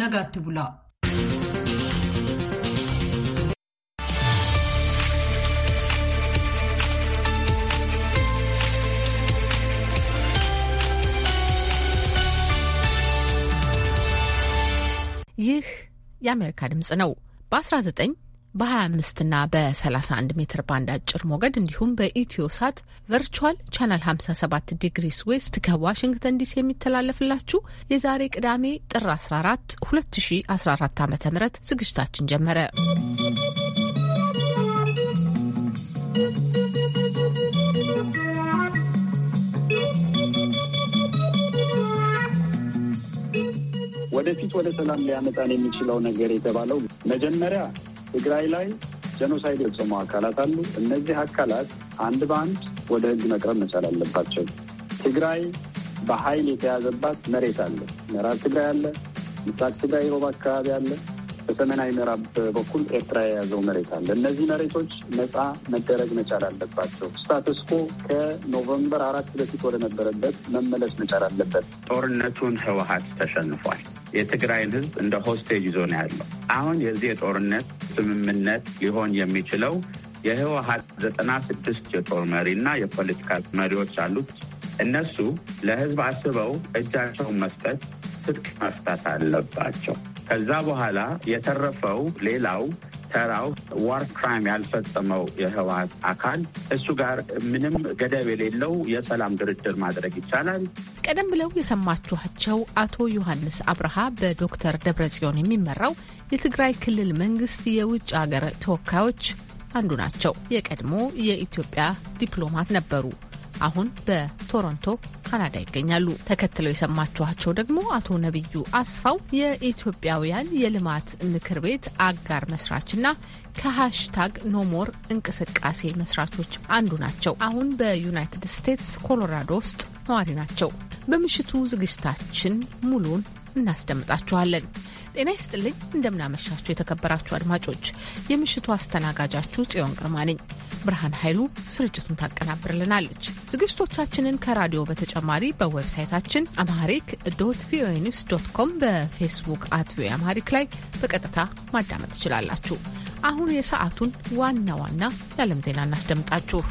ነጋት አትብላ። ይህ የአሜሪካ ድምፅ ነው። በ19 በ25 እና በ31 ሜትር ባንድ አጭር ሞገድ እንዲሁም በኢትዮ ሳት ቨርቹዋል ቻናል 57 ዲግሪስ ዌስት ከዋሽንግተን ዲሲ የሚተላለፍላችሁ የዛሬ ቅዳሜ ጥር 14 2014 ዓ ም ዝግጅታችን ጀመረ። ወደፊት ወደ ሰላም ሊያመጣን የሚችለው ነገር የተባለው መጀመሪያ ትግራይ ላይ ጀኖሳይድ የፈጸሙ አካላት አሉ። እነዚህ አካላት አንድ በአንድ ወደ ህግ መቅረብ መቻል አለባቸው። ትግራይ በኃይል የተያዘባት መሬት አለ። ምዕራብ ትግራይ አለ፣ ምስራቅ ትግራይ፣ ሮብ አካባቢ አለ፣ በሰሜናዊ ምዕራብ በኩል ኤርትራ የያዘው መሬት አለ። እነዚህ መሬቶች ነፃ መደረግ መቻል አለባቸው። ስታትስኮ ከኖቨምበር አራት በፊት ወደነበረበት መመለስ መቻል አለበት። ጦርነቱን ህወሀት ተሸንፏል። የትግራይን ህዝብ እንደ ሆስቴጅ ይዞ ነው ያለው። አሁን የዚህ የጦርነት ስምምነት ሊሆን የሚችለው የህወሀት ዘጠና ስድስት የጦር መሪ ና የፖለቲካ መሪዎች አሉት። እነሱ ለህዝብ አስበው እጃቸውን መስጠት ትጥቅ መፍታት አለባቸው። ከዛ በኋላ የተረፈው ሌላው ተራው ዋር ክራይም ያልፈጸመው የህወሀት አካል እሱ ጋር ምንም ገደብ የሌለው የሰላም ድርድር ማድረግ ይቻላል። ቀደም ብለው የሰማችኋቸው አቶ ዮሐንስ አብርሃ በዶክተር ደብረጽዮን የሚመራው የትግራይ ክልል መንግስት የውጭ ሀገር ተወካዮች አንዱ ናቸው። የቀድሞ የኢትዮጵያ ዲፕሎማት ነበሩ። አሁን በቶሮንቶ ካናዳ ይገኛሉ። ተከትለው የሰማችኋቸው ደግሞ አቶ ነቢዩ አስፋው የኢትዮጵያውያን የልማት ምክር ቤት አጋር መስራችና ከሃሽታግ ኖሞር እንቅስቃሴ መስራቾች አንዱ ናቸው። አሁን በዩናይትድ ስቴትስ ኮሎራዶ ውስጥ ነዋሪ ናቸው። በምሽቱ ዝግጅታችን ሙሉን እናስደምጣችኋለን። ጤና ይስጥልኝ። እንደምናመሻችሁ የተከበራችሁ አድማጮች፣ የምሽቱ አስተናጋጃችሁ ጽዮን ግርማ ነኝ። ብርሃን ኃይሉ ስርጭቱን ታቀናብርልናለች። ዝግጅቶቻችንን ከራዲዮ በተጨማሪ በዌብሳይታችን አማሪክ ዶት ቪኦኤ ኒውስ ዶት ኮም፣ በፌስቡክ አት ቪኦኤ አምሃሪክ ላይ በቀጥታ ማዳመጥ ትችላላችሁ። አሁን የሰዓቱን ዋና ዋና የዓለም ዜና እናስደምጣችሁ።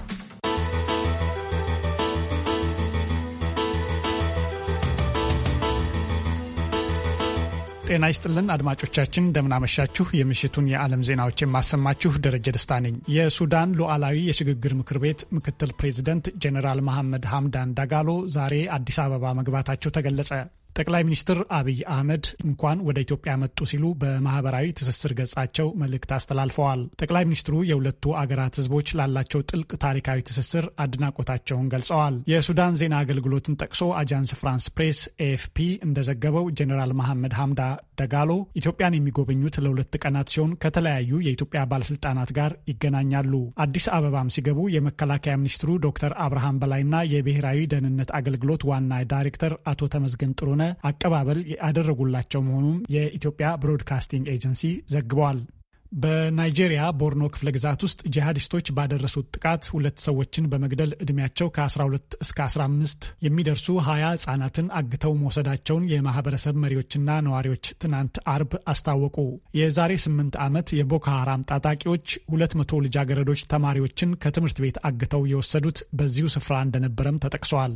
ጤና ይስጥልን አድማጮቻችን፣ እንደምናመሻችሁ። የምሽቱን የዓለም ዜናዎች የማሰማችሁ ደረጀ ደስታ ነኝ። የሱዳን ሉዓላዊ የሽግግር ምክር ቤት ምክትል ፕሬዚደንት ጄኔራል መሐመድ ሐምዳን ዳጋሎ ዛሬ አዲስ አበባ መግባታቸው ተገለጸ። ጠቅላይ ሚኒስትር አብይ አህመድ እንኳን ወደ ኢትዮጵያ መጡ ሲሉ በማህበራዊ ትስስር ገጻቸው መልእክት አስተላልፈዋል። ጠቅላይ ሚኒስትሩ የሁለቱ አገራት ህዝቦች ላላቸው ጥልቅ ታሪካዊ ትስስር አድናቆታቸውን ገልጸዋል። የሱዳን ዜና አገልግሎትን ጠቅሶ አጃንስ ፍራንስ ፕሬስ ኤኤፍፒ እንደዘገበው ጀኔራል መሐመድ ሐምዳ ደጋሎ ኢትዮጵያን የሚጎበኙት ለሁለት ቀናት ሲሆን ከተለያዩ የኢትዮጵያ ባለስልጣናት ጋር ይገናኛሉ። አዲስ አበባም ሲገቡ የመከላከያ ሚኒስትሩ ዶክተር አብርሃም በላይና የብሔራዊ ደህንነት አገልግሎት ዋና ዳይሬክተር አቶ ተመስገን ጥሩነ አቀባበል ያደረጉላቸው መሆኑም የኢትዮጵያ ብሮድካስቲንግ ኤጀንሲ ዘግበዋል። በናይጄሪያ ቦርኖ ክፍለ ግዛት ውስጥ ጂሃዲስቶች ባደረሱት ጥቃት ሁለት ሰዎችን በመግደል ዕድሜያቸው ከ12 እስከ 15 የሚደርሱ 20 ህጻናትን አግተው መውሰዳቸውን የማህበረሰብ መሪዎችና ነዋሪዎች ትናንት አርብ አስታወቁ። የዛሬ 8 ዓመት የቦኮ ሀራም ታጣቂዎች 200 ልጃገረዶች ተማሪዎችን ከትምህርት ቤት አግተው የወሰዱት በዚሁ ስፍራ እንደነበረም ተጠቅሰዋል።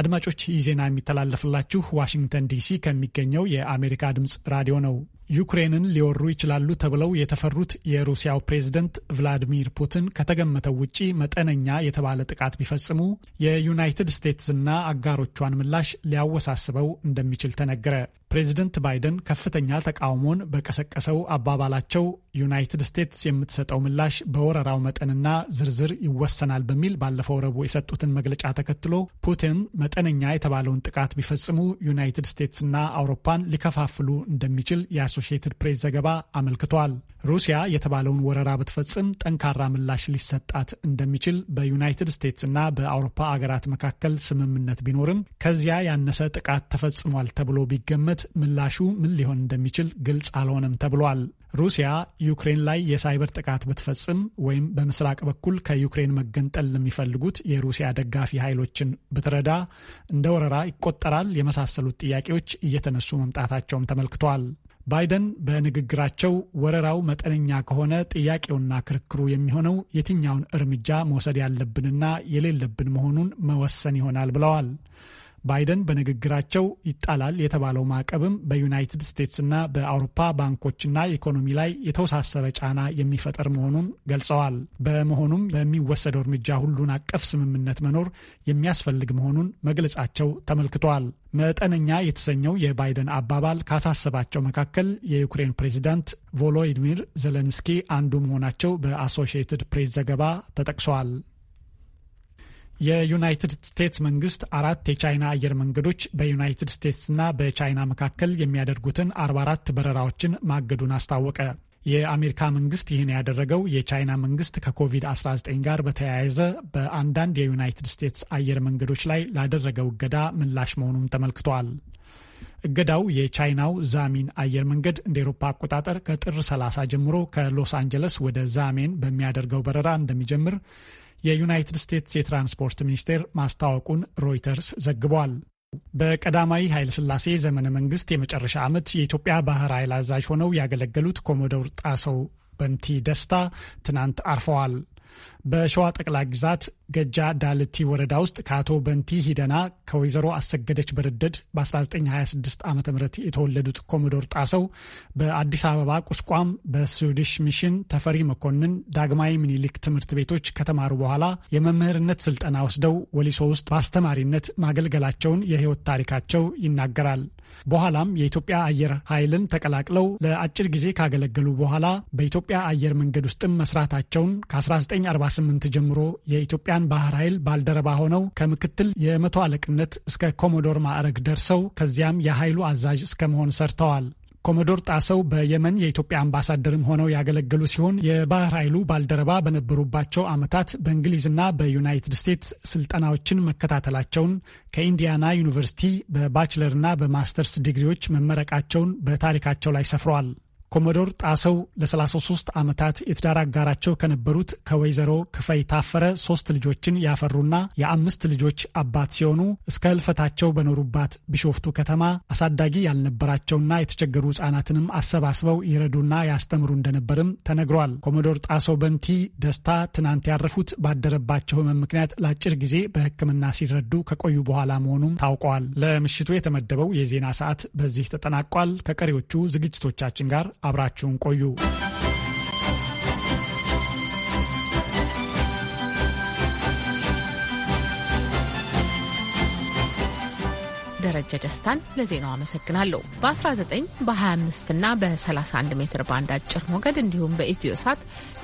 አድማጮች ይህ ዜና የሚተላለፍላችሁ ዋሽንግተን ዲሲ ከሚገኘው የአሜሪካ ድምፅ ራዲዮ ነው። ዩክሬንን ሊወሩ ይችላሉ ተብለው የተፈሩት የሩሲያው ፕሬዝደንት ቭላዲሚር ፑቲን ከተገመተው ውጪ መጠነኛ የተባለ ጥቃት ቢፈጽሙ የዩናይትድ ስቴትስና አጋሮቿን ምላሽ ሊያወሳስበው እንደሚችል ተነገረ። ፕሬዚደንት ባይደን ከፍተኛ ተቃውሞን በቀሰቀሰው አባባላቸው ዩናይትድ ስቴትስ የምትሰጠው ምላሽ በወረራው መጠንና ዝርዝር ይወሰናል በሚል ባለፈው ረቡዕ የሰጡትን መግለጫ ተከትሎ ፑቲን መጠነኛ የተባለውን ጥቃት ቢፈጽሙ ዩናይትድ ስቴትስና አውሮፓን ሊከፋፍሉ እንደሚችል የአሶሺየትድ ፕሬስ ዘገባ አመልክቷል። ሩሲያ የተባለውን ወረራ ብትፈጽም ጠንካራ ምላሽ ሊሰጣት እንደሚችል በዩናይትድ ስቴትስና በአውሮፓ አገራት መካከል ስምምነት ቢኖርም ከዚያ ያነሰ ጥቃት ተፈጽሟል ተብሎ ቢገመት ሂደት ምላሹ ምን ሊሆን እንደሚችል ግልጽ አልሆነም ተብሏል። ሩሲያ ዩክሬን ላይ የሳይበር ጥቃት ብትፈጽም ወይም በምስራቅ በኩል ከዩክሬን መገንጠል ለሚፈልጉት የሩሲያ ደጋፊ ኃይሎችን ብትረዳ እንደ ወረራ ይቆጠራል የመሳሰሉት ጥያቄዎች እየተነሱ መምጣታቸውም ተመልክቷል። ባይደን በንግግራቸው ወረራው መጠነኛ ከሆነ ጥያቄውና ክርክሩ የሚሆነው የትኛውን እርምጃ መውሰድ ያለብንና የሌለብን መሆኑን መወሰን ይሆናል ብለዋል። ባይደን በንግግራቸው ይጣላል የተባለው ማዕቀብም በዩናይትድ ስቴትስ እና በአውሮፓ ባንኮችና ኢኮኖሚ ላይ የተወሳሰበ ጫና የሚፈጠር መሆኑን ገልጸዋል። በመሆኑም ለሚወሰደው እርምጃ ሁሉን አቀፍ ስምምነት መኖር የሚያስፈልግ መሆኑን መግለጻቸው ተመልክቷል። መጠነኛ የተሰኘው የባይደን አባባል ካሳሰባቸው መካከል የዩክሬን ፕሬዚዳንት ቮሎዲሚር ዘለንስኪ አንዱ መሆናቸው በአሶሺየትድ ፕሬስ ዘገባ ተጠቅሷል። የዩናይትድ ስቴትስ መንግስት አራት የቻይና አየር መንገዶች በዩናይትድ ስቴትስና በቻይና መካከል የሚያደርጉትን 44 በረራዎችን ማገዱን አስታወቀ። የአሜሪካ መንግስት ይህን ያደረገው የቻይና መንግስት ከኮቪድ-19 ጋር በተያያዘ በአንዳንድ የዩናይትድ ስቴትስ አየር መንገዶች ላይ ላደረገው እገዳ ምላሽ መሆኑም ተመልክቷል። እገዳው የቻይናው ዛሚን አየር መንገድ እንደ ኤሮፓ አቆጣጠር ከጥር 30 ጀምሮ ከሎስ አንጀለስ ወደ ዛሜን በሚያደርገው በረራ እንደሚጀምር የዩናይትድ ስቴትስ የትራንስፖርት ሚኒስቴር ማስታወቁን ሮይተርስ ዘግቧል። በቀዳማዊ ኃይለሥላሴ ዘመነ መንግስት የመጨረሻ ዓመት የኢትዮጵያ ባህር ኃይል አዛዥ ሆነው ያገለገሉት ኮሞዶር ጣሰው በንቲ ደስታ ትናንት አርፈዋል። በሸዋ ጠቅላይ ግዛት ገጃ ዳልቲ ወረዳ ውስጥ ከአቶ በንቲ ሂደና ከወይዘሮ አሰገደች በረደድ በ1926 ዓ ም የተወለዱት ኮሞዶር ጣሰው በአዲስ አበባ ቁስቋም በስዊዲሽ ሚሽን ተፈሪ መኮንን ዳግማዊ ምኒልክ ትምህርት ቤቶች ከተማሩ በኋላ የመምህርነት ስልጠና ወስደው ወሊሶ ውስጥ በአስተማሪነት ማገልገላቸውን የህይወት ታሪካቸው ይናገራል። በኋላም የኢትዮጵያ አየር ኃይልን ተቀላቅለው ለአጭር ጊዜ ካገለገሉ በኋላ በኢትዮጵያ አየር መንገድ ውስጥም መስራታቸውን ከ1940 ከ1978 ጀምሮ የኢትዮጵያን ባህር ኃይል ባልደረባ ሆነው ከምክትል የመቶ አለቅነት እስከ ኮሞዶር ማዕረግ ደርሰው ከዚያም የኃይሉ አዛዥ እስከ መሆን ሰርተዋል። ኮሞዶር ጣሰው በየመን የኢትዮጵያ አምባሳደርም ሆነው ያገለገሉ ሲሆን የባህር ኃይሉ ባልደረባ በነበሩባቸው ዓመታት በእንግሊዝና በዩናይትድ ስቴትስ ስልጠናዎችን መከታተላቸውን፣ ከኢንዲያና ዩኒቨርሲቲ በባችለርና በማስተርስ ዲግሪዎች መመረቃቸውን በታሪካቸው ላይ ሰፍረዋል። ኮሞዶር ጣሰው ለ33 ዓመታት የትዳር አጋራቸው ከነበሩት ከወይዘሮ ክፈይ ታፈረ ሶስት ልጆችን ያፈሩና የአምስት ልጆች አባት ሲሆኑ እስከ ህልፈታቸው በኖሩባት ቢሾፍቱ ከተማ አሳዳጊ ያልነበራቸውና የተቸገሩ ህጻናትንም አሰባስበው ይረዱና ያስተምሩ እንደነበርም ተነግሯል። ኮሞዶር ጣሰው በንቲ ደስታ ትናንት ያረፉት ባደረባቸው ህመም ምክንያት ለአጭር ጊዜ በሕክምና ሲረዱ ከቆዩ በኋላ መሆኑም ታውቋል። ለምሽቱ የተመደበው የዜና ሰዓት በዚህ ተጠናቋል። ከቀሪዎቹ ዝግጅቶቻችን ጋር አብራችሁን ቆዩ። ደረጀ ደስታን ለዜናው አመሰግናለሁ። በ19 በ25 እና በ31 ሜትር ባንድ አጭር ሞገድ እንዲሁም በኢትዮ ሳት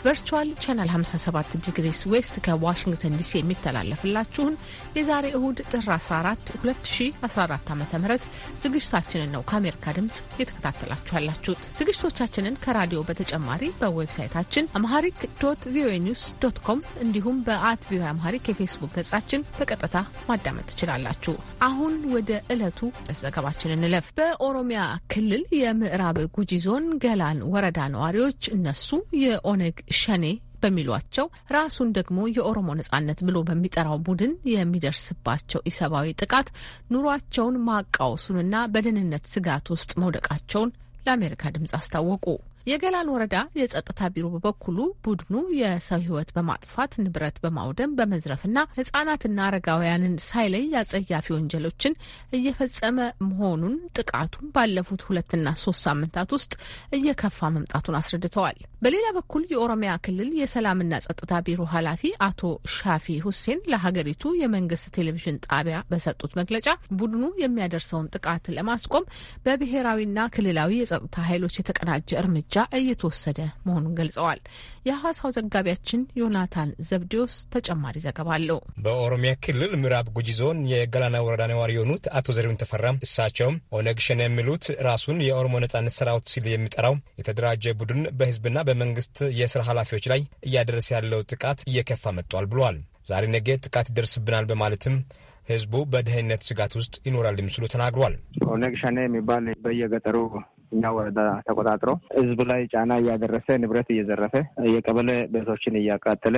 ቨርቹዋል ቻናል 57 ዲግሪስ ዌስት ከዋሽንግተን ዲሲ የሚተላለፍላችሁን የዛሬ እሁድ ጥር 14 2014 ዓ ም ዝግጅታችንን ነው ከአሜሪካ ድምፅ የተከታተላችኋላችሁት። ዝግጅቶቻችንን ከራዲዮ በተጨማሪ በዌብሳይታችን አምሃሪክ ዶት ቪኦኤ ኒውስ ዶት ኮም እንዲሁም በአት ቪኦኤ አምሃሪክ የፌስቡክ ገጻችን በቀጥታ ማዳመጥ ትችላላችሁ። አሁን ወደ ዕለቱ ዘገባችን እንለፍ። በኦሮሚያ ክልል የምዕራብ ጉጂ ዞን ገላን ወረዳ ነዋሪዎች እነሱ የኦነግ ሸኔ በሚሏቸው ራሱን ደግሞ የኦሮሞ ነጻነት ብሎ በሚጠራው ቡድን የሚደርስባቸው ኢሰብአዊ ጥቃት ኑሯቸውን ማቃወሱንና በደህንነት ስጋት ውስጥ መውደቃቸውን ለአሜሪካ ድምጽ አስታወቁ። የገላን ወረዳ የጸጥታ ቢሮ በበኩሉ ቡድኑ የሰው ሕይወት በማጥፋት ንብረት በማውደም በመዝረፍና ህጻናትና አረጋውያንን ሳይለይ አጸያፊ ወንጀሎችን እየፈጸመ መሆኑን ጥቃቱን ባለፉት ሁለትና ሶስት ሳምንታት ውስጥ እየከፋ መምጣቱን አስረድተዋል። በሌላ በኩል የኦሮሚያ ክልል የሰላምና ጸጥታ ቢሮ ኃላፊ አቶ ሻፊ ሁሴን ለሀገሪቱ የመንግስት ቴሌቪዥን ጣቢያ በሰጡት መግለጫ ቡድኑ የሚያደርሰውን ጥቃት ለማስቆም በብሔራዊና ክልላዊ የጸጥታ ኃይሎች የተቀናጀ እርምጃ እየተወሰደ መሆኑን ገልጸዋል። የሐዋሳው ዘጋቢያችን ዮናታን ዘብዲዮስ ተጨማሪ ዘገባ አለው። በኦሮሚያ ክልል ምዕራብ ጉጂ ዞን የገላና ወረዳ ነዋሪ የሆኑት አቶ ዘሪሁን ተፈራም እሳቸውም ኦነግ ሸኔ የሚሉት ራሱን የኦሮሞ ነጻነት ሰራዊት ሲል የሚጠራው የተደራጀ ቡድን በህዝብና በመንግስት የስራ ኃላፊዎች ላይ እያደረሰ ያለው ጥቃት እየከፋ መጥቷል ብሏል። ዛሬ ነገ ጥቃት ይደርስብናል በማለትም ህዝቡ በደህንነት ስጋት ውስጥ ይኖራል የሚስሉ ተናግሯል። ኦነግ ሸኔ የሚባል በየገጠሩ እኛ ወረዳ ተቆጣጥሮ ህዝብ ላይ ጫና እያደረሰ ንብረት እየዘረፈ የቀበሌ ቤቶችን እያቃጠለ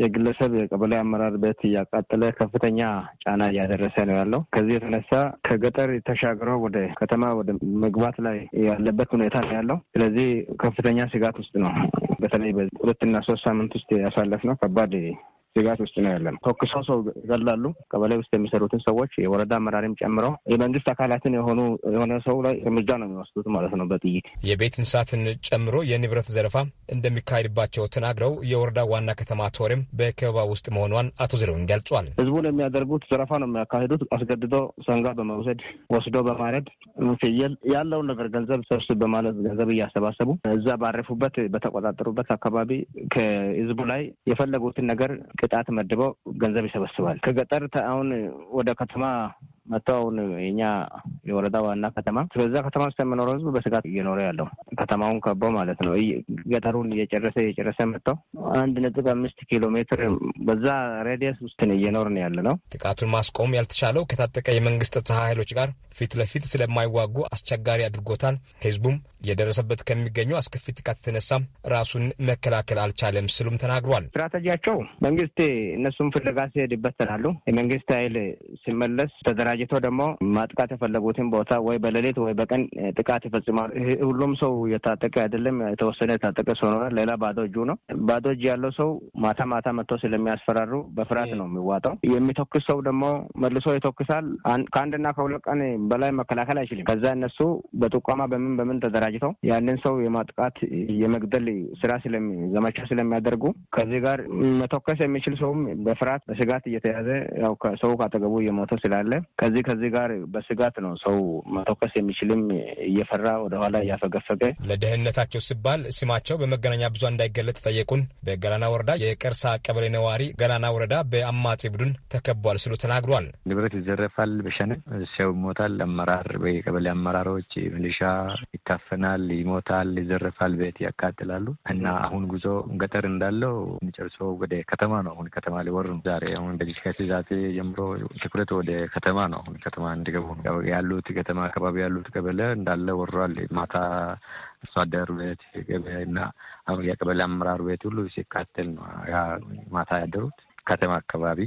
የግለሰብ የቀበሌ አመራር ቤት እያቃጠለ ከፍተኛ ጫና እያደረሰ ነው ያለው። ከዚህ የተነሳ ከገጠር ተሻግሮ ወደ ከተማ ወደ መግባት ላይ ያለበት ሁኔታ ነው ያለው። ስለዚህ ከፍተኛ ስጋት ውስጥ ነው። በተለይ በሁለትና ሶስት ሳምንት ውስጥ ያሳለፍ ነው ከባድ ስጋት ውስጥ ነው ነው። ተኩሰው ሰው ይገላሉ። ቀበሌ ውስጥ የሚሰሩትን ሰዎች የወረዳ አመራሪም ጨምረው የመንግስት አካላትን የሆኑ የሆነ ሰው ላይ እርምጃ ነው የሚወስዱት ማለት ነው በጥይት የቤት እንስሳትን ጨምሮ የንብረት ዘረፋ እንደሚካሄድባቸው ተናግረው የወረዳ ዋና ከተማ ቶርም በከበባ ውስጥ መሆኗን አቶ ዘረውን ገልጿል። ህዝቡን የሚያደርጉት ዘረፋ ነው የሚያካሂዱት። አስገድዶ ሰንጋ በመውሰድ ወስዶ በማረድ ፍየል ያለውን ነገር ገንዘብ ሰብስብ በማለት ገንዘብ እያሰባሰቡ እዛ ባረፉበት በተቆጣጠሩበት አካባቢ ከህዝቡ ላይ የፈለጉትን ነገር ቅጣት መድበው ገንዘብ ይሰበስባል። ከገጠር አሁን ወደ ከተማ መጥተው አሁን የኛ የወረዳ ዋና ከተማ በዛ ከተማ ውስጥ የምኖረው ህዝብ በስጋት እየኖረ ያለው ከተማውን ከበው ማለት ነው። ገጠሩን እየጨረሰ እየጨረሰ መጥተው አንድ ነጥብ አምስት ኪሎ ሜትር በዛ ሬዲየስ ውስጥን ነው ያለ ነው። ጥቃቱን ማስቆም ያልተቻለው ከታጠቀ የመንግስት ጸጥታ ኃይሎች ጋር ፊት ለፊት ስለማይዋጉ አስቸጋሪ አድርጎታል። ህዝቡም እየደረሰበት ከሚገኙ አስከፊ ጥቃት የተነሳ ራሱን መከላከል አልቻለም ስሉም ተናግሯል። ስትራቴጂያቸው መንግስት እነሱም ፍለጋ ሲሄድበት ስላሉ የመንግስት ኃይል ሲመለስ ተደራ ተደራጅቶ ደግሞ ማጥቃት የፈለጉትን ቦታ ወይ በሌሊት ወይ በቀን ጥቃት ይፈጽማሉ። ሁሉም ሰው የታጠቀ አይደለም። የተወሰነ የታጠቀ ሰው ነው፣ ሌላ ባዶ እጁ ነው። ባዶ እጅ ያለው ሰው ማታ ማታ መጥቶ ስለሚያስፈራሩ በፍርሃት ነው የሚዋጣው። የሚተኩስ ሰው ደግሞ መልሶ ይተኩሳል። ከአንድና ከሁለት ቀን በላይ መከላከል አይችልም። ከዛ እነሱ በጥቋማ በምን በምን ተደራጅተው ያንን ሰው የማጥቃት የመግደል ስራ ዘመቻ ስለሚያደርጉ ከዚህ ጋር መተኮስ የሚችል ሰውም በፍርሃት በስጋት እየተያዘ ያው ሰው ካጠገቡ እየሞተ ስላለ ከዚህ ከዚህ ጋር በስጋት ነው ሰው መተኮስ የሚችልም እየፈራ ወደኋላ እያፈገፈገ ለደህንነታቸው ሲባል ስማቸው በመገናኛ ብዙኃን እንዳይገለጥ ጠየቁን በገላና ወረዳ የቀርሳ ቀበሌ ነዋሪ ገላና ወረዳ በአማጺ ቡድን ተከቧል ሲሉ ተናግሯል። ንብረት ይዘረፋል፣ በሸነ ሰው ይሞታል፣ አመራር በቀበሌ አመራሮች ሚሊሻ ይታፈናል፣ ይሞታል፣ ይዘረፋል፣ ቤት ያቃጥላሉ እና አሁን ጉዞ ገጠር እንዳለው ጨርሶ ወደ ከተማ ነው። አሁን ከተማ ሊወር ነው ዛሬ አሁን በዲስካሲ ዛቴ ጀምሮ ትኩረት ወደ ከተማ ነው ከተማ እንዲገቡ ያሉት ከተማ አካባቢ ያሉት ቀበለ እንዳለ ወሯል። ማታ አርሶ አደር ቤት ገበያና የቀበሌ አመራር ቤት ሁሉ ሲካተል ነው ማታ ያደሩት ከተማ አካባቢ።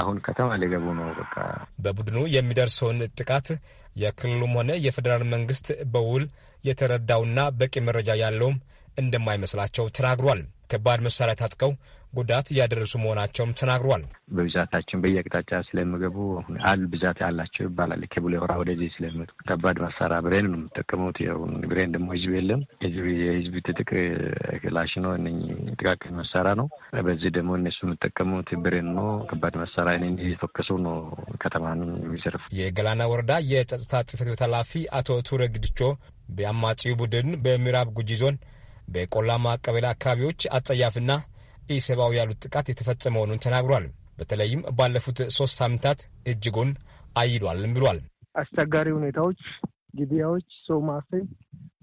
አሁን ከተማ ሊገቡ ነው። በቃ በቡድኑ የሚደርሰውን ጥቃት የክልሉም ሆነ የፌዴራል መንግስት በውል የተረዳውና በቂ መረጃ ያለውም እንደማይመስላቸው ተናግሯል። ከባድ መሳሪያ ታጥቀው ጉዳት እያደረሱ መሆናቸውም ተናግሯል። በብዛታችን በየአቅጣጫ ስለሚገቡ አል ብዛት ያላቸው ይባላል። ከቡሌ ሆራ ወደዚህ ስለሚመጡ ከባድ መሳሪያ ብሬን ነው የምጠቀሙት። ብሬን ደግሞ ህዝብ የለም። የህዝብ ትጥቅ ክላሽ ነው፣ እ ጥቃቅን መሳሪያ ነው። በዚህ ደግሞ እነሱ የምጠቀሙት ብሬን ነው፣ ከባድ መሳሪያ ነ እየተኮሱ ነው ከተማን የሚዘርፍ። የገላና ወረዳ የጸጥታ ጽህፈት ቤት ኃላፊ አቶ ቱረ ግድቾ በአማጺው ቡድን በምዕራብ ጉጂ ዞን በቆላማ ቀበሌ አካባቢዎች አጸያፍና ኢሰብአዊ ያሉት ጥቃት የተፈጸመ መሆኑን ተናግሯል። በተለይም ባለፉት ሶስት ሳምንታት እጅጉን አይሏልም ብሏል። አስቸጋሪ ሁኔታዎች፣ ግድያዎች፣ ሰው ማሰብ፣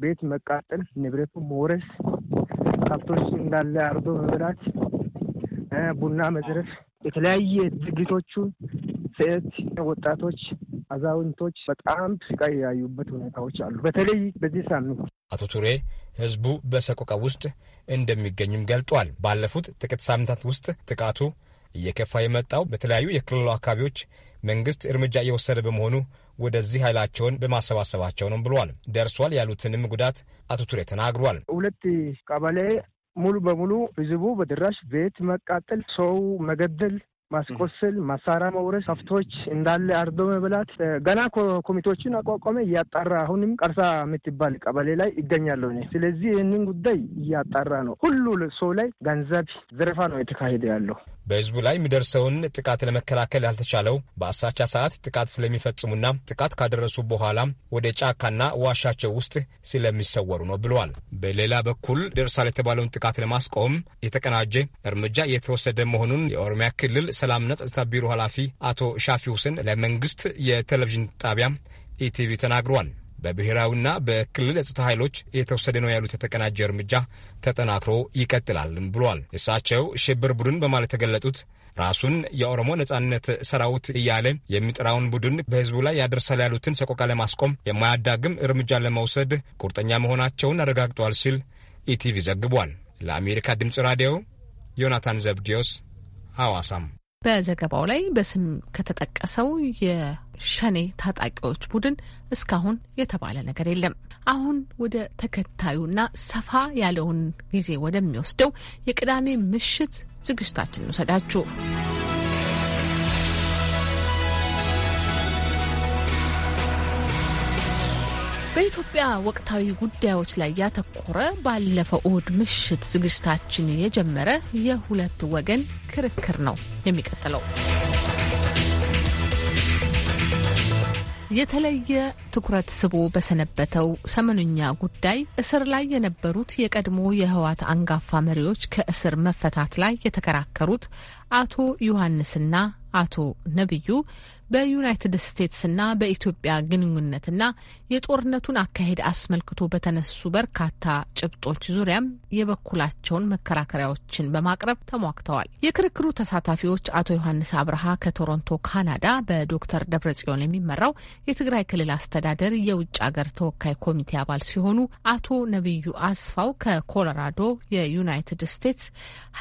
ቤት መቃጠል፣ ንብረቱ መውረስ፣ ከብቶች እንዳለ አርዶ መብላት፣ ቡና መዝረፍ፣ የተለያየ ድርጊቶቹ ሴት ወጣቶች አዛውንቶች በጣም ስቃይ ያዩበት ሁኔታዎች አሉ። በተለይ በዚህ ሳምንት አቶ ቱሬ ህዝቡ በሰቆቃ ውስጥ እንደሚገኝም ገልጧል። ባለፉት ጥቂት ሳምንታት ውስጥ ጥቃቱ እየከፋ የመጣው በተለያዩ የክልሉ አካባቢዎች መንግስት እርምጃ እየወሰደ በመሆኑ ወደዚህ ኃይላቸውን በማሰባሰባቸው ነው ብሏል። ደርሷል ያሉትንም ጉዳት አቶ ቱሬ ተናግሯል። ሁለት ቀበሌ ሙሉ በሙሉ ህዝቡ በድራሽ ቤት መቃጠል፣ ሰው መገደል፣ ማስቆስል፣ መሳራ መውረስ፣ ከፍቶች እንዳለ አርዶ መብላት። ገና ኮሚቴዎችን አቋቋመ እያጣራ አሁንም ቀርሳ የምትባል ቀበሌ ላይ ይገኛለሁ እኔ። ስለዚህ ይህንን ጉዳይ እያጣራ ነው። ሁሉ ሰው ላይ ገንዘብ ዘረፋ ነው የተካሄደ ያለው። በህዝቡ ላይ የሚደርሰውን ጥቃት ለመከላከል ያልተቻለው በአሳቻ ሰዓት ጥቃት ስለሚፈጽሙና ጥቃት ካደረሱ በኋላ ወደ ጫካና ዋሻቸው ውስጥ ስለሚሰወሩ ነው ብለዋል። በሌላ በኩል ደርሳል የተባለውን ጥቃት ለማስቆም የተቀናጀ እርምጃ የተወሰደ መሆኑን የኦሮሚያ ክልል ሰላምና ጸጥታ ቢሮ ኃላፊ አቶ ሻፊ ሁሴን ለመንግስት የቴሌቪዥን ጣቢያ ኢቲቪ ተናግረዋል። በብሔራዊና በክልል የጸጥታ ኃይሎች የተወሰደ ነው ያሉት የተቀናጀ እርምጃ ተጠናክሮ ይቀጥላልም ብሏል። እሳቸው ሽብር ቡድን በማለት የተገለጡት ራሱን የኦሮሞ ነጻነት ሰራዊት እያለ የሚጠራውን ቡድን በህዝቡ ላይ ያደርሳል ያሉትን ሰቆቃ ለማስቆም የማያዳግም እርምጃ ለመውሰድ ቁርጠኛ መሆናቸውን አረጋግጧል ሲል ኢቲቪ ዘግቧል። ለአሜሪካ ድምፅ ራዲዮ ዮናታን ዘብዲዮስ ሐዋሳም በዘገባው ላይ በስም ከተጠቀሰው ሸኔ ታጣቂዎች ቡድን እስካሁን የተባለ ነገር የለም። አሁን ወደ ተከታዩና ሰፋ ያለውን ጊዜ ወደሚወስደው የቅዳሜ ምሽት ዝግጅታችን ውሰዳችሁ። በኢትዮጵያ ወቅታዊ ጉዳዮች ላይ ያተኮረ ባለፈው እሁድ ምሽት ዝግጅታችን የጀመረ የሁለት ወገን ክርክር ነው የሚቀጥለው። የተለየ ትኩረት ስቦ በሰነበተው ሰሞንኛ ጉዳይ እስር ላይ የነበሩት የቀድሞ የህወሓት አንጋፋ መሪዎች ከእስር መፈታት ላይ የተከራከሩት አቶ ዮሐንስና አቶ ነብዩ በዩናይትድ ስቴትስና በኢትዮጵያ ግንኙነትና የጦርነቱን አካሄድ አስመልክቶ በተነሱ በርካታ ጭብጦች ዙሪያም የበኩላቸውን መከራከሪያዎችን በማቅረብ ተሟግተዋል። የክርክሩ ተሳታፊዎች አቶ ዮሐንስ አብርሃ ከቶሮንቶ ካናዳ፣ በዶክተር ደብረጽዮን የሚመራው የትግራይ ክልል አስተዳደር የውጭ አገር ተወካይ ኮሚቴ አባል ሲሆኑ አቶ ነቢዩ አስፋው ከኮሎራዶ የዩናይትድ ስቴትስ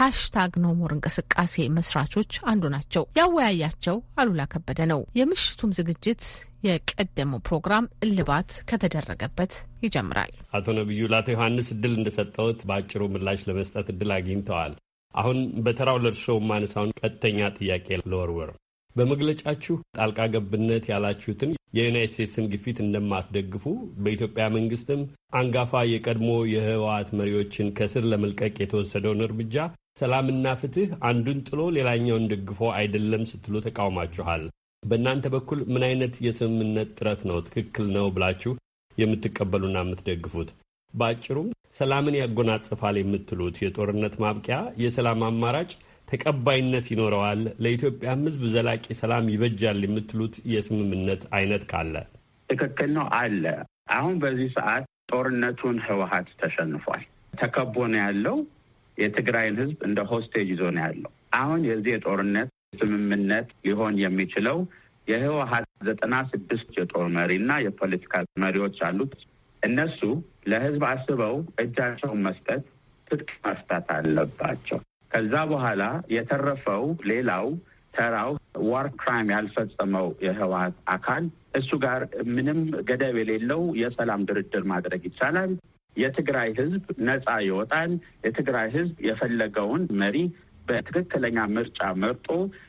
ሃሽታግ ኖሞር እንቅስቃሴ መስራቾች አንዱ ናቸው። ያወያያቸው አሉላ ከበደ ነው። የምሽቱም ዝግጅት የቀደመው ፕሮግራም እልባት ከተደረገበት ይጀምራል። አቶ ነቢዩ ለአቶ ዮሐንስ እድል እንደሰጠውት በአጭሩ ምላሽ ለመስጠት እድል አግኝተዋል። አሁን በተራው ለእርሶ ማነሳውን ቀጥተኛ ጥያቄ ለወርወር በመግለጫችሁ ጣልቃ ገብነት ያላችሁትን የዩናይት ስቴትስን ግፊት እንደማትደግፉ በኢትዮጵያ መንግስትም አንጋፋ የቀድሞ የህወሓት መሪዎችን ከስር ለመልቀቅ የተወሰደውን እርምጃ ሰላምና ፍትህ አንዱን ጥሎ ሌላኛውን ደግፎ አይደለም ስትሉ ተቃውማችኋል። በእናንተ በኩል ምን አይነት የስምምነት ጥረት ነው ትክክል ነው ብላችሁ የምትቀበሉና የምትደግፉት? በአጭሩም ሰላምን ያጎናጽፋል የምትሉት የጦርነት ማብቂያ የሰላም አማራጭ ተቀባይነት ይኖረዋል፣ ለኢትዮጵያም ሕዝብ ዘላቂ ሰላም ይበጃል የምትሉት የስምምነት አይነት ካለ ትክክል ነው አለ። አሁን በዚህ ሰዓት ጦርነቱን ህወሀት ተሸንፏል፣ ተከቦ ነው ያለው። የትግራይን ህዝብ እንደ ሆስቴጅ ይዞ ነው ያለው። አሁን የዚህ የጦርነት ስምምነት ሊሆን የሚችለው የህወሀት ዘጠና ስድስት የጦር መሪ እና የፖለቲካ መሪዎች አሉት። እነሱ ለህዝብ አስበው እጃቸውን መስጠት፣ ትጥቅ መፍታት አለባቸው። ከዛ በኋላ የተረፈው ሌላው ተራው ዋር ክራይም ያልፈጸመው የህወሀት አካል እሱ ጋር ምንም ገደብ የሌለው የሰላም ድርድር ማድረግ ይቻላል። የትግራይ ህዝብ ነጻ ይወጣል። የትግራይ ህዝብ የፈለገውን መሪ በትክክለኛ ምርጫ መርጦ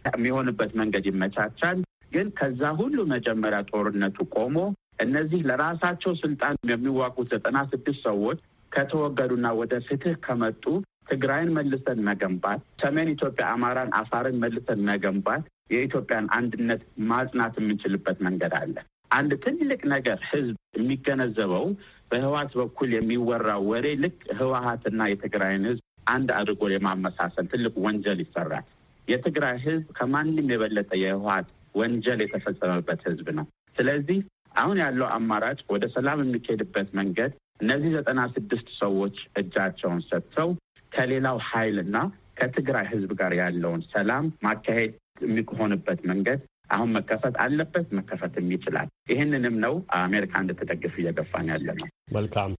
የሚሆንበት መንገድ ይመቻቻል። ግን ከዛ ሁሉ መጀመሪያ ጦርነቱ ቆሞ እነዚህ ለራሳቸው ስልጣን የሚዋጉት ዘጠና ስድስት ሰዎች ከተወገዱና ወደ ፍትህ ከመጡ ትግራይን መልሰን መገንባት፣ ሰሜን ኢትዮጵያ አማራን፣ አፋርን መልሰን መገንባት፣ የኢትዮጵያን አንድነት ማጽናት የምንችልበት መንገድ አለ። አንድ ትልቅ ነገር ህዝብ የሚገነዘበው በህዋት በኩል የሚወራው ወሬ ልክ ህወሀትና የትግራይን ህዝብ አንድ አድርጎ የማመሳሰል ትልቅ ወንጀል ይሰራል። የትግራይ ህዝብ ከማንም የበለጠ የህወሀት ወንጀል የተፈጸመበት ህዝብ ነው። ስለዚህ አሁን ያለው አማራጭ ወደ ሰላም የሚካሄድበት መንገድ እነዚህ ዘጠና ስድስት ሰዎች እጃቸውን ሰጥተው ከሌላው ሀይልና ከትግራይ ህዝብ ጋር ያለውን ሰላም ማካሄድ የሚሆንበት መንገድ አሁን መከፈት አለበት፣ መከፈትም ይችላል። ይህንንም ነው አሜሪካ እንድትደግፍ እየገፋን ያለ ነው። መልካም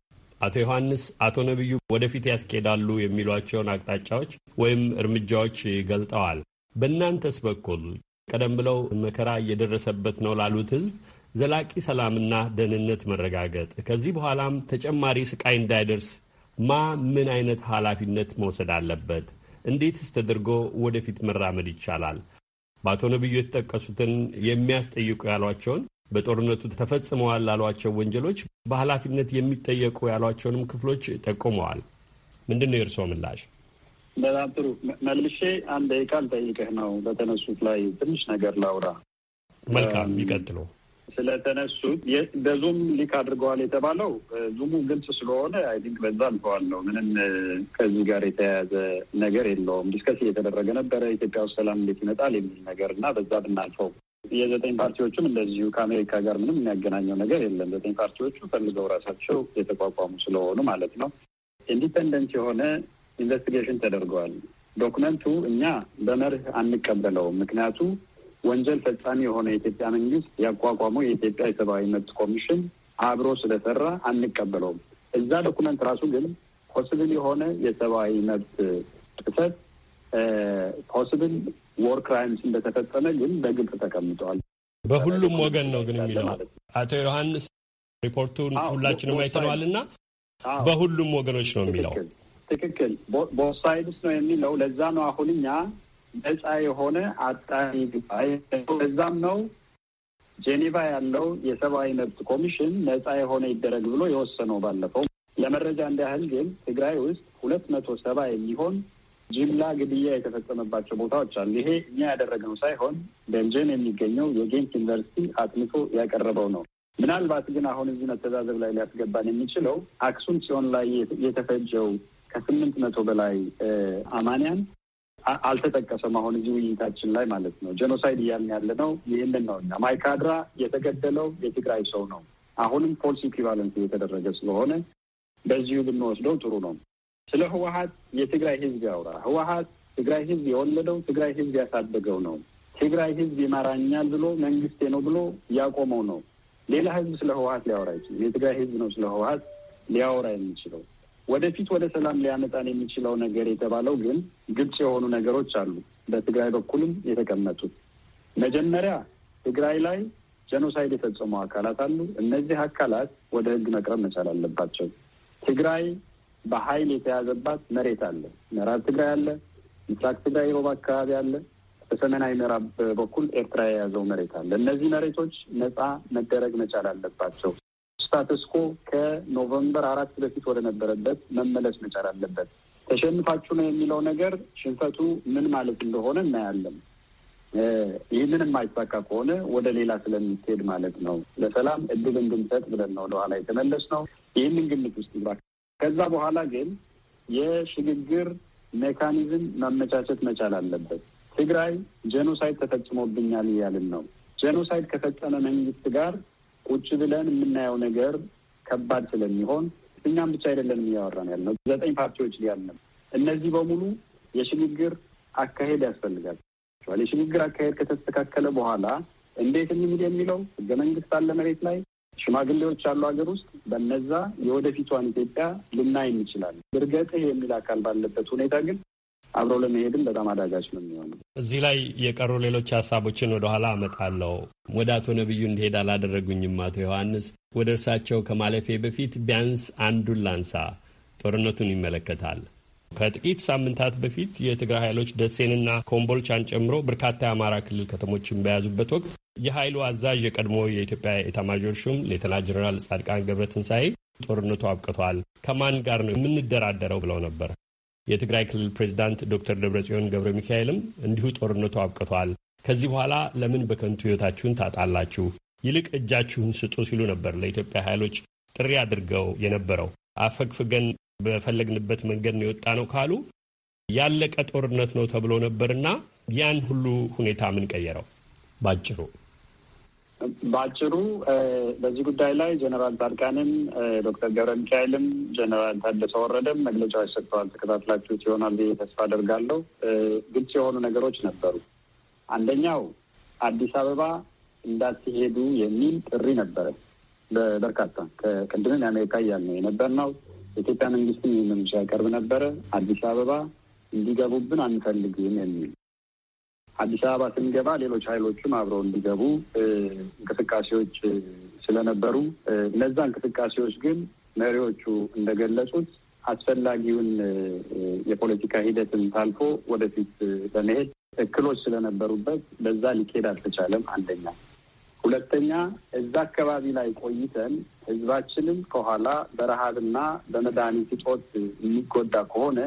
አቶ ዮሐንስ፣ አቶ ነቢዩ ወደፊት ያስኬዳሉ የሚሏቸውን አቅጣጫዎች ወይም እርምጃዎች ገልጠዋል። በእናንተስ በኩል ቀደም ብለው መከራ እየደረሰበት ነው ላሉት ህዝብ ዘላቂ ሰላምና ደህንነት መረጋገጥ ከዚህ በኋላም ተጨማሪ ስቃይ እንዳይደርስ ማ ምን አይነት ኃላፊነት መውሰድ አለበት? እንዴትስ ተደርጎ ወደፊት መራመድ ይቻላል? በአቶ ነቢዩ የተጠቀሱትን የሚያስጠይቁ ያሏቸውን በጦርነቱ ተፈጽመዋል ላሏቸው ወንጀሎች በኃላፊነት የሚጠየቁ ያሏቸውንም ክፍሎች ጠቁመዋል። ምንድን ነው የእርስዎ ምላሽ? በጣም ጥሩ። መልሼ አንድ ደቂቃ ልጠይቅህ ነው። በተነሱት ላይ ትንሽ ነገር ላውራ። መልካም፣ ይቀጥሉ። ስለተነሱት በዙም ሊክ አድርገዋል የተባለው ዙሙ ግልጽ ስለሆነ አይ ቲንክ በዛ አልፈዋለሁ። ምንም ከዚህ ጋር የተያያዘ ነገር የለውም። ዲስከስ እየተደረገ ነበረ ኢትዮጵያ ውስጥ ሰላም እንዴት ይመጣል የሚል ነገር እና በዛ ብናልፈው የዘጠኝ ፓርቲዎችም እንደዚሁ ከአሜሪካ ጋር ምንም የሚያገናኘው ነገር የለም። ዘጠኝ ፓርቲዎቹ ፈልገው ራሳቸው የተቋቋሙ ስለሆኑ ማለት ነው። ኢንዲፐንደንት የሆነ ኢንቨስቲጌሽን ተደርገዋል። ዶክመንቱ እኛ በመርህ አንቀበለውም። ምክንያቱ ወንጀል ፈጻሚ የሆነ የኢትዮጵያ መንግስት ያቋቋመው የኢትዮጵያ የሰብአዊ መብት ኮሚሽን አብሮ ስለሰራ አንቀበለውም። እዛ ዶኩመንት ራሱ ግን ፖስብል የሆነ የሰብአዊ መብት ጥሰት ፖስብል ዎር ክራይምስ እንደተፈጸመ ግን በግልጽ ተቀምጠዋል። በሁሉም ወገን ነው ግን የሚለው አቶ ዮሐንስ ሪፖርቱን ሁላችንም አይተነዋል እና በሁሉም ወገኖች ነው የሚለው ትክክል ቦሳይድስ ነው የሚለው ለዛ ነው አሁን እኛ ነጻ የሆነ አጣሪ ጉባኤ በዛም ነው ጄኔቫ ያለው የሰብአዊ መብት ኮሚሽን ነጻ የሆነ ይደረግ ብሎ የወሰነው። ባለፈው ለመረጃ እንዳያህል ግን ትግራይ ውስጥ ሁለት መቶ ሰባ የሚሆን ጅምላ ግድያ የተፈጸመባቸው ቦታዎች አሉ። ይሄ እኛ ያደረግነው ሳይሆን ቤልጅየም የሚገኘው የጌንት ዩኒቨርሲቲ አጥንቶ ያቀረበው ነው። ምናልባት ግን አሁን እዚህ መተዛዘብ ላይ ሊያስገባን የሚችለው አክሱም ጽዮን ላይ የተፈጀው ከስምንት መቶ በላይ አማንያን አልተጠቀሰም። አሁን እዚህ ውይይታችን ላይ ማለት ነው። ጀኖሳይድ እያልን ያለ ነው። ይህንን ነው ማይካድራ የተገደለው የትግራይ ሰው ነው። አሁንም ፖልስ ኢኩቫለንት እየተደረገ ስለሆነ በዚሁ ብንወስደው ጥሩ ነው። ስለ ህወሀት የትግራይ ህዝብ ያውራ። ህወሀት ትግራይ ህዝብ የወለደው ትግራይ ህዝብ ያሳደገው ነው። ትግራይ ህዝብ ይመራኛል ብሎ መንግስቴ ነው ብሎ ያቆመው ነው። ሌላ ህዝብ ስለ ህወሀት ሊያወራ አይችልም። የትግራይ ህዝብ ነው ስለ ህወሀት ሊያወራ የሚችለው። ወደፊት ወደ ሰላም ሊያመጣን የሚችለው ነገር የተባለው ግን ግልጽ የሆኑ ነገሮች አሉ። በትግራይ በኩልም የተቀመጡት መጀመሪያ ትግራይ ላይ ጀኖሳይድ የፈጸሙ አካላት አሉ። እነዚህ አካላት ወደ ህግ መቅረብ መቻል አለባቸው። ትግራይ በኃይል የተያዘባት መሬት አለ። ምዕራብ ትግራይ አለ፣ ምስራቅ ትግራይ ሮብ አካባቢ አለ፣ በሰሜናዊ ምዕራብ በኩል ኤርትራ የያዘው መሬት አለ። እነዚህ መሬቶች ነፃ መደረግ መቻል አለባቸው። ስታትስኮ ከኖቨምበር አራት በፊት ወደ ነበረበት መመለስ መቻል አለበት። ተሸንፋችሁ ነው የሚለው ነገር ሽንፈቱ ምን ማለት እንደሆነ እናያለን። ይህንን የማይሳካ ከሆነ ወደ ሌላ ስለምትሄድ ማለት ነው። ለሰላም እድል እንድንሰጥ ብለን ነው ወደኋላ የተመለስ ነው። ይህንን ግምት ውስጥ ይግባ። ከዛ በኋላ ግን የሽግግር ሜካኒዝም ማመቻቸት መቻል አለበት። ትግራይ ጄኖሳይድ ተፈጽሞብኛል እያልን ነው። ጄኖሳይድ ከፈጸመ መንግስት ጋር ቁጭ ብለን የምናየው ነገር ከባድ ስለሚሆን እኛም ብቻ አይደለንም ነው ያልነው ዘጠኝ ፓርቲዎች ሊያልነ እነዚህ በሙሉ የሽግግር አካሄድ ያስፈልጋል የሽግግር አካሄድ ከተስተካከለ በኋላ እንዴት እንሂድ የሚለው ህገ መንግስት አለ መሬት ላይ ሽማግሌዎች አሉ ሀገር ውስጥ በነዛ የወደፊቷን ኢትዮጵያ ልናይ እንችላለን። እርገጥህ የሚል አካል ባለበት ሁኔታ ግን አብሮ ለመሄድም በጣም አዳጋች ነው የሚሆነው። እዚህ ላይ የቀሩ ሌሎች ሀሳቦችን ወደኋላ አመጣለሁ። ወደ አቶ ነቢዩ እንዲሄድ አላደረጉኝም። አቶ ዮሐንስ ወደ እርሳቸው ከማለፌ በፊት ቢያንስ አንዱን ላንሳ። ጦርነቱን ይመለከታል። ከጥቂት ሳምንታት በፊት የትግራይ ኃይሎች ደሴንና ኮምቦልቻን ጨምሮ በርካታ የአማራ ክልል ከተሞችን በያዙበት ወቅት የኃይሉ አዛዥ የቀድሞ የኢትዮጵያ ኤታማዦር ሹም ሌተና ጀኔራል ጻድቃን ገብረ ትንሣኤ ጦርነቱ አብቅቷል፣ ከማን ጋር ነው የምንደራደረው ብለው ነበር። የትግራይ ክልል ፕሬዚዳንት ዶክተር ደብረጽዮን ገብረ ሚካኤልም እንዲሁ ጦርነቱ አብቅቷል፣ ከዚህ በኋላ ለምን በከንቱ ሕይወታችሁን ታጣላችሁ? ይልቅ እጃችሁን ስጡ ሲሉ ነበር ለኢትዮጵያ ኃይሎች ጥሪ አድርገው የነበረው። አፈግፍገን በፈለግንበት መንገድ ነው የወጣ ነው ካሉ ያለቀ ጦርነት ነው ተብሎ ነበርና ያን ሁሉ ሁኔታ ምን ቀየረው? ባጭሩ በአጭሩ በዚህ ጉዳይ ላይ ጀነራል ጻድቃንም ዶክተር ገብረ ሚካኤልም ጀነራል ታደሰ ወረደም መግለጫዎች ሰጥተዋል። ተከታትላችሁት ይሆናል ተስፋ አደርጋለሁ። ግልጽ የሆኑ ነገሮች ነበሩ። አንደኛው አዲስ አበባ እንዳትሄዱ የሚል ጥሪ ነበረ። በርካታ ከቅድምም የአሜሪካ እያልን የነበር ነው። የኢትዮጵያ መንግስትም ይህንን ሲያቀርብ ነበረ። አዲስ አበባ እንዲገቡብን አንፈልግም የሚል አዲስ አበባ ስንገባ ሌሎች ኃይሎችም አብረው እንዲገቡ እንቅስቃሴዎች ስለነበሩ እነዛ እንቅስቃሴዎች ግን መሪዎቹ እንደገለጹት አስፈላጊውን የፖለቲካ ሂደትን ታልፎ ወደፊት ለመሄድ እክሎች ስለነበሩበት በዛ ሊኬድ አልተቻለም። አንደኛ። ሁለተኛ እዛ አካባቢ ላይ ቆይተን ህዝባችንም ከኋላ በረሃብና በመድኃኒት እጦት የሚጎዳ ከሆነ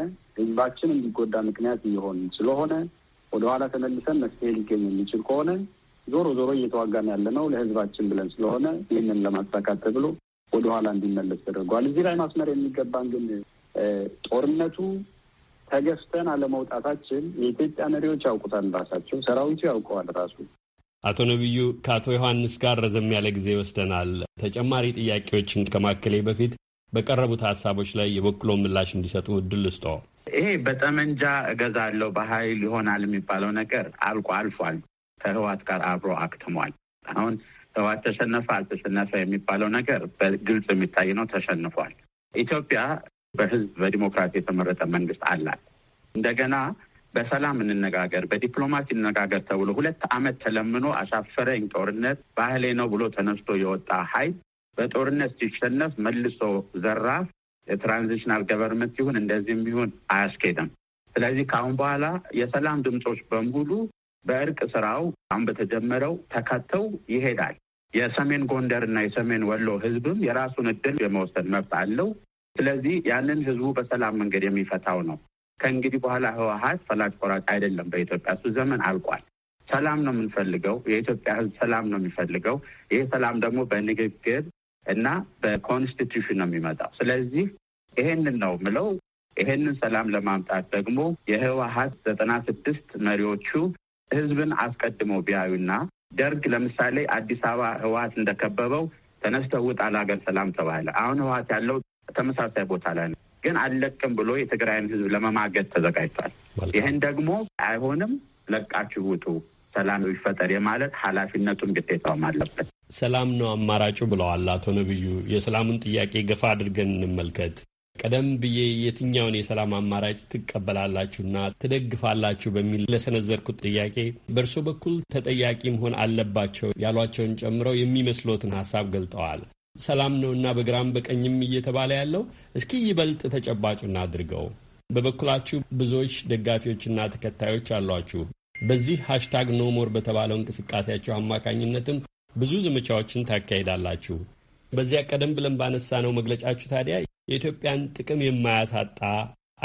ህዝባችን እንዲጎዳ ምክንያት እየሆን ስለሆነ ወደኋላ ተመልሰን መፍትሄ ሊገኝ የሚችል ከሆነ ዞሮ ዞሮ እየተዋጋን ያለ ነው ለህዝባችን ብለን ስለሆነ ይህንን ለማሳካት ተብሎ ወደኋላ እንዲመለስ ተደርጓል። እዚህ ላይ ማስመር የሚገባን ግን ጦርነቱ ተገፍተን አለመውጣታችን የኢትዮጵያ መሪዎች ያውቁታል፣ ራሳቸው ሰራዊቱ ያውቀዋል ራሱ። አቶ ነቢዩ ከአቶ ዮሐንስ ጋር ረዘም ያለ ጊዜ ወስደናል። ተጨማሪ ጥያቄዎችን ከማከሌ በፊት በቀረቡት ሀሳቦች ላይ የበኩሎ ምላሽ እንዲሰጡ እድል ስጦ ይሄ በጠመንጃ እገዛለሁ በሀይል ይሆናል የሚባለው ነገር አልቆ አልፏል። ከህዋት ጋር አብሮ አክትሟል። አሁን ህዋት ተሸነፈ አልተሸነፈ የሚባለው ነገር በግልጽ የሚታይ ነው። ተሸንፏል። ኢትዮጵያ በህዝብ በዲሞክራሲ የተመረጠ መንግስት አላት። እንደገና በሰላም እንነጋገር፣ በዲፕሎማሲ እንነጋገር ተብሎ ሁለት ዓመት ተለምኖ አሻፈረኝ ጦርነት ባህሌ ነው ብሎ ተነስቶ የወጣ ሀይል። በጦርነት ሲሸነፍ መልሶ ዘራፍ የትራንዚሽናል ገቨርንመንት ይሁን እንደዚህም ይሁን አያስኬድም። ስለዚህ ከአሁን በኋላ የሰላም ድምፆች በሙሉ በእርቅ ስራው አሁን በተጀመረው ተከተው ይሄዳል። የሰሜን ጎንደር እና የሰሜን ወሎ ህዝብም የራሱን እድል የመወሰድ መብት አለው። ስለዚህ ያንን ህዝቡ በሰላም መንገድ የሚፈታው ነው። ከእንግዲህ በኋላ ህወሀት ፈላጭ ቆራጭ አይደለም። በኢትዮጵያ እሱ ዘመን አልቋል። ሰላም ነው የምንፈልገው። የኢትዮጵያ ህዝብ ሰላም ነው የሚፈልገው። ይህ ሰላም ደግሞ በንግግር እና በኮንስቲቱሽን ነው የሚመጣው። ስለዚህ ይሄንን ነው ምለው። ይሄንን ሰላም ለማምጣት ደግሞ የህወሀት ዘጠና ስድስት መሪዎቹ ህዝብን አስቀድሞ ቢያዩና ደርግ ለምሳሌ አዲስ አበባ ህወሀት እንደከበበው ተነስተው ውጣ ለሀገር ሰላም ተባለ። አሁን ህወሀት ያለው ተመሳሳይ ቦታ ላይ ነው፣ ግን አልለቅም ብሎ የትግራይን ህዝብ ለመማገድ ተዘጋጅቷል። ይህን ደግሞ አይሆንም፣ ለቃችሁ ውጡ፣ ሰላም ይፈጠር የማለት ኃላፊነቱን ግዴታውም አለበት። ሰላም ነው አማራጩ ብለዋል አቶ ነቢዩ። የሰላሙን ጥያቄ ገፋ አድርገን እንመልከት። ቀደም ብዬ የትኛውን የሰላም አማራጭ ትቀበላላችሁና ትደግፋላችሁ በሚል ለሰነዘርኩት ጥያቄ በእርሶ በኩል ተጠያቂ መሆን አለባቸው ያሏቸውን ጨምረው የሚመስሎትን ሀሳብ ገልጠዋል። ሰላም ነው እና በግራም በቀኝም እየተባለ ያለው እስኪ ይበልጥ ተጨባጩና አድርገው። በበኩላችሁ ብዙዎች ደጋፊዎችና ተከታዮች አሏችሁ። በዚህ ሃሽታግ ኖሞር በተባለው እንቅስቃሴያቸው አማካኝነትም ብዙ ዘመቻዎችን ታካሂዳላችሁ። በዚያ ቀደም ብለን ነው መግለጫችሁ ታዲያ የኢትዮጵያን ጥቅም የማያሳጣ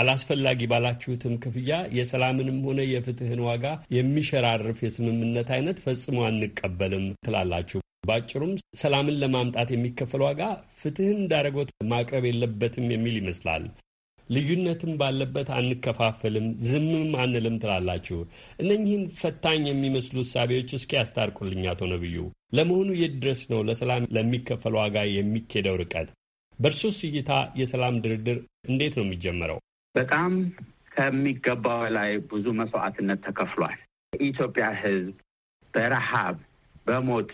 አላስፈላጊ ባላችሁትም ክፍያ የሰላምንም ሆነ የፍትህን ዋጋ የሚሸራርፍ የስምምነት አይነት ፈጽሞ አንቀበልም ትላላችሁ። ባጭሩም ሰላምን ለማምጣት የሚከፈል ዋጋ ፍትህን ዳረጎት ማቅረብ የለበትም የሚል ይመስላል። ልዩነትም ባለበት አንከፋፈልም፣ ዝምም አንልም ትላላችሁ። እነኚህን ፈታኝ የሚመስሉ እሳቤዎች እስኪ ያስታርቁልኝ አቶ ነብዩ። ለመሆኑ የት ድረስ ነው ለሰላም ለሚከፈል ዋጋ የሚኬደው ርቀት? በእርሱስ እይታ የሰላም ድርድር እንዴት ነው የሚጀመረው? በጣም ከሚገባው ላይ ብዙ መስዋዕትነት ተከፍሏል። የኢትዮጵያ ሕዝብ በረሃብ በሞት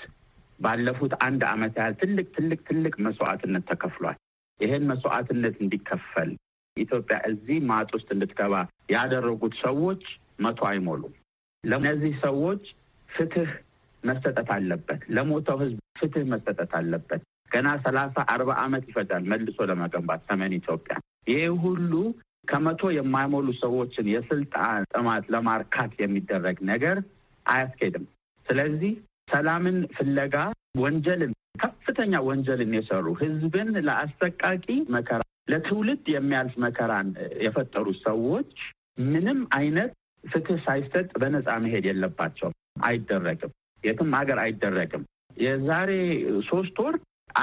ባለፉት አንድ ዓመት ያህል ትልቅ ትልቅ ትልቅ መስዋዕትነት ተከፍሏል። ይህን መስዋዕትነት እንዲከፈል ኢትዮጵያ እዚህ ማጥ ውስጥ እንድትገባ ያደረጉት ሰዎች መቶ አይሞሉም። ለእነዚህ ሰዎች ፍትህ መሰጠት አለበት። ለሞተው ህዝብ ፍትህ መሰጠት አለበት። ገና ሰላሳ አርባ ዓመት ይፈጃል መልሶ ለመገንባት ሰሜን ኢትዮጵያ። ይህ ሁሉ ከመቶ የማይሞሉ ሰዎችን የስልጣን ጥማት ለማርካት የሚደረግ ነገር አያስኬድም። ስለዚህ ሰላምን ፍለጋ ወንጀልን ከፍተኛ ወንጀልን የሰሩ ህዝብን ለአሰቃቂ መከራ ለትውልድ የሚያልፍ መከራን የፈጠሩ ሰዎች ምንም አይነት ፍትህ ሳይሰጥ በነፃ መሄድ የለባቸውም። አይደረግም፣ የትም ሀገር አይደረግም። የዛሬ ሶስት ወር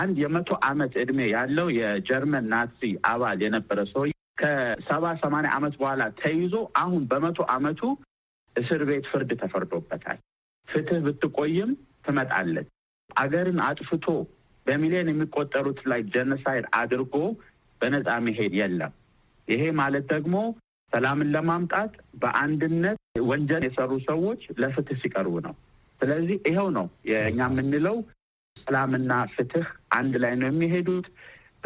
አንድ የመቶ ዓመት ዕድሜ ያለው የጀርመን ናዚ አባል የነበረ ሰው ከሰባ ሰማንያ ዓመት በኋላ ተይዞ አሁን በመቶ ዓመቱ እስር ቤት ፍርድ ተፈርዶበታል። ፍትህ ብትቆይም ትመጣለች። አገርን አጥፍቶ በሚሊዮን የሚቆጠሩት ላይ ጀነሳይድ አድርጎ በነፃ መሄድ የለም። ይሄ ማለት ደግሞ ሰላምን ለማምጣት በአንድነት ወንጀል የሰሩ ሰዎች ለፍትህ ሲቀርቡ ነው። ስለዚህ ይኸው ነው የእኛ የምንለው ሰላምና ፍትህ አንድ ላይ ነው የሚሄዱት።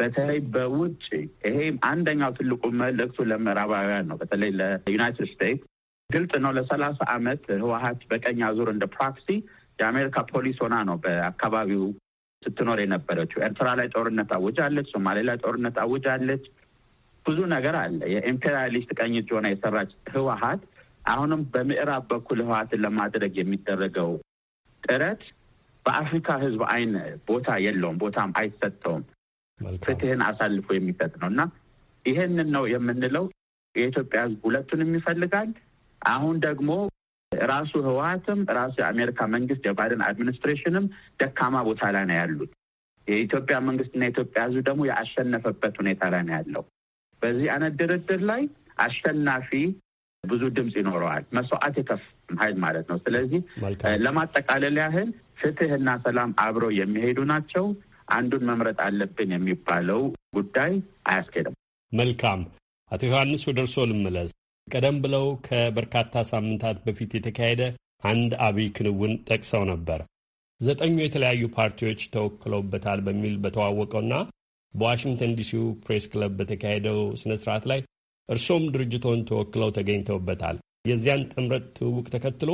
በተለይ በውጭ ይሄ አንደኛው ትልቁ መልእክቱ ለምዕራባውያን ነው። በተለይ ለዩናይትድ ስቴትስ ግልጽ ነው። ለሰላሳ ዓመት ህወሀት በቀኝ አዙር እንደ ፕራክሲ የአሜሪካ ፖሊስ ሆና ነው በአካባቢው ስትኖር የነበረችው። ኤርትራ ላይ ጦርነት አውጃለች፣ ሶማሌ ላይ ጦርነት አውጃለች። ብዙ ነገር አለ። የኢምፔሪያሊስት ቀኝ እጅ ሆና የሰራች ህወሀት አሁንም በምዕራብ በኩል ህወሀትን ለማድረግ የሚደረገው ጥረት በአፍሪካ ህዝብ አይን ቦታ የለውም፣ ቦታም አይሰጠውም። ፍትህን አሳልፎ የሚሰጥ ነው እና ይህንን ነው የምንለው። የኢትዮጵያ ህዝብ ሁለቱንም ይፈልጋል። አሁን ደግሞ ራሱ ህወሀትም ራሱ የአሜሪካ መንግስት የባይደን አድሚኒስትሬሽንም ደካማ ቦታ ላይ ነው ያሉት። የኢትዮጵያ መንግስትና የኢትዮጵያ ህዝብ ደግሞ የአሸነፈበት ሁኔታ ላይ ነው ያለው። በዚህ አይነት ድርድር ላይ አሸናፊ ብዙ ድምፅ ይኖረዋል። መስዋዕት የከፍ ሀይል ማለት ነው። ስለዚህ ለማጠቃለል ያህል ፍትህና ሰላም አብረው የሚሄዱ ናቸው። አንዱን መምረጥ አለብን የሚባለው ጉዳይ አያስኬድም። መልካም አቶ ዮሐንስ ወደ እርስዎ ልመለስ። ቀደም ብለው ከበርካታ ሳምንታት በፊት የተካሄደ አንድ አብይ ክንውን ጠቅሰው ነበር። ዘጠኙ የተለያዩ ፓርቲዎች ተወክለውበታል በሚል በተዋወቀውና በዋሽንግተን ዲሲው ፕሬስ ክለብ በተካሄደው ስነ ስርዓት ላይ እርሶም ድርጅቶን ተወክለው ተገኝተውበታል። የዚያን ጥምረት ትውውቅ ተከትሎ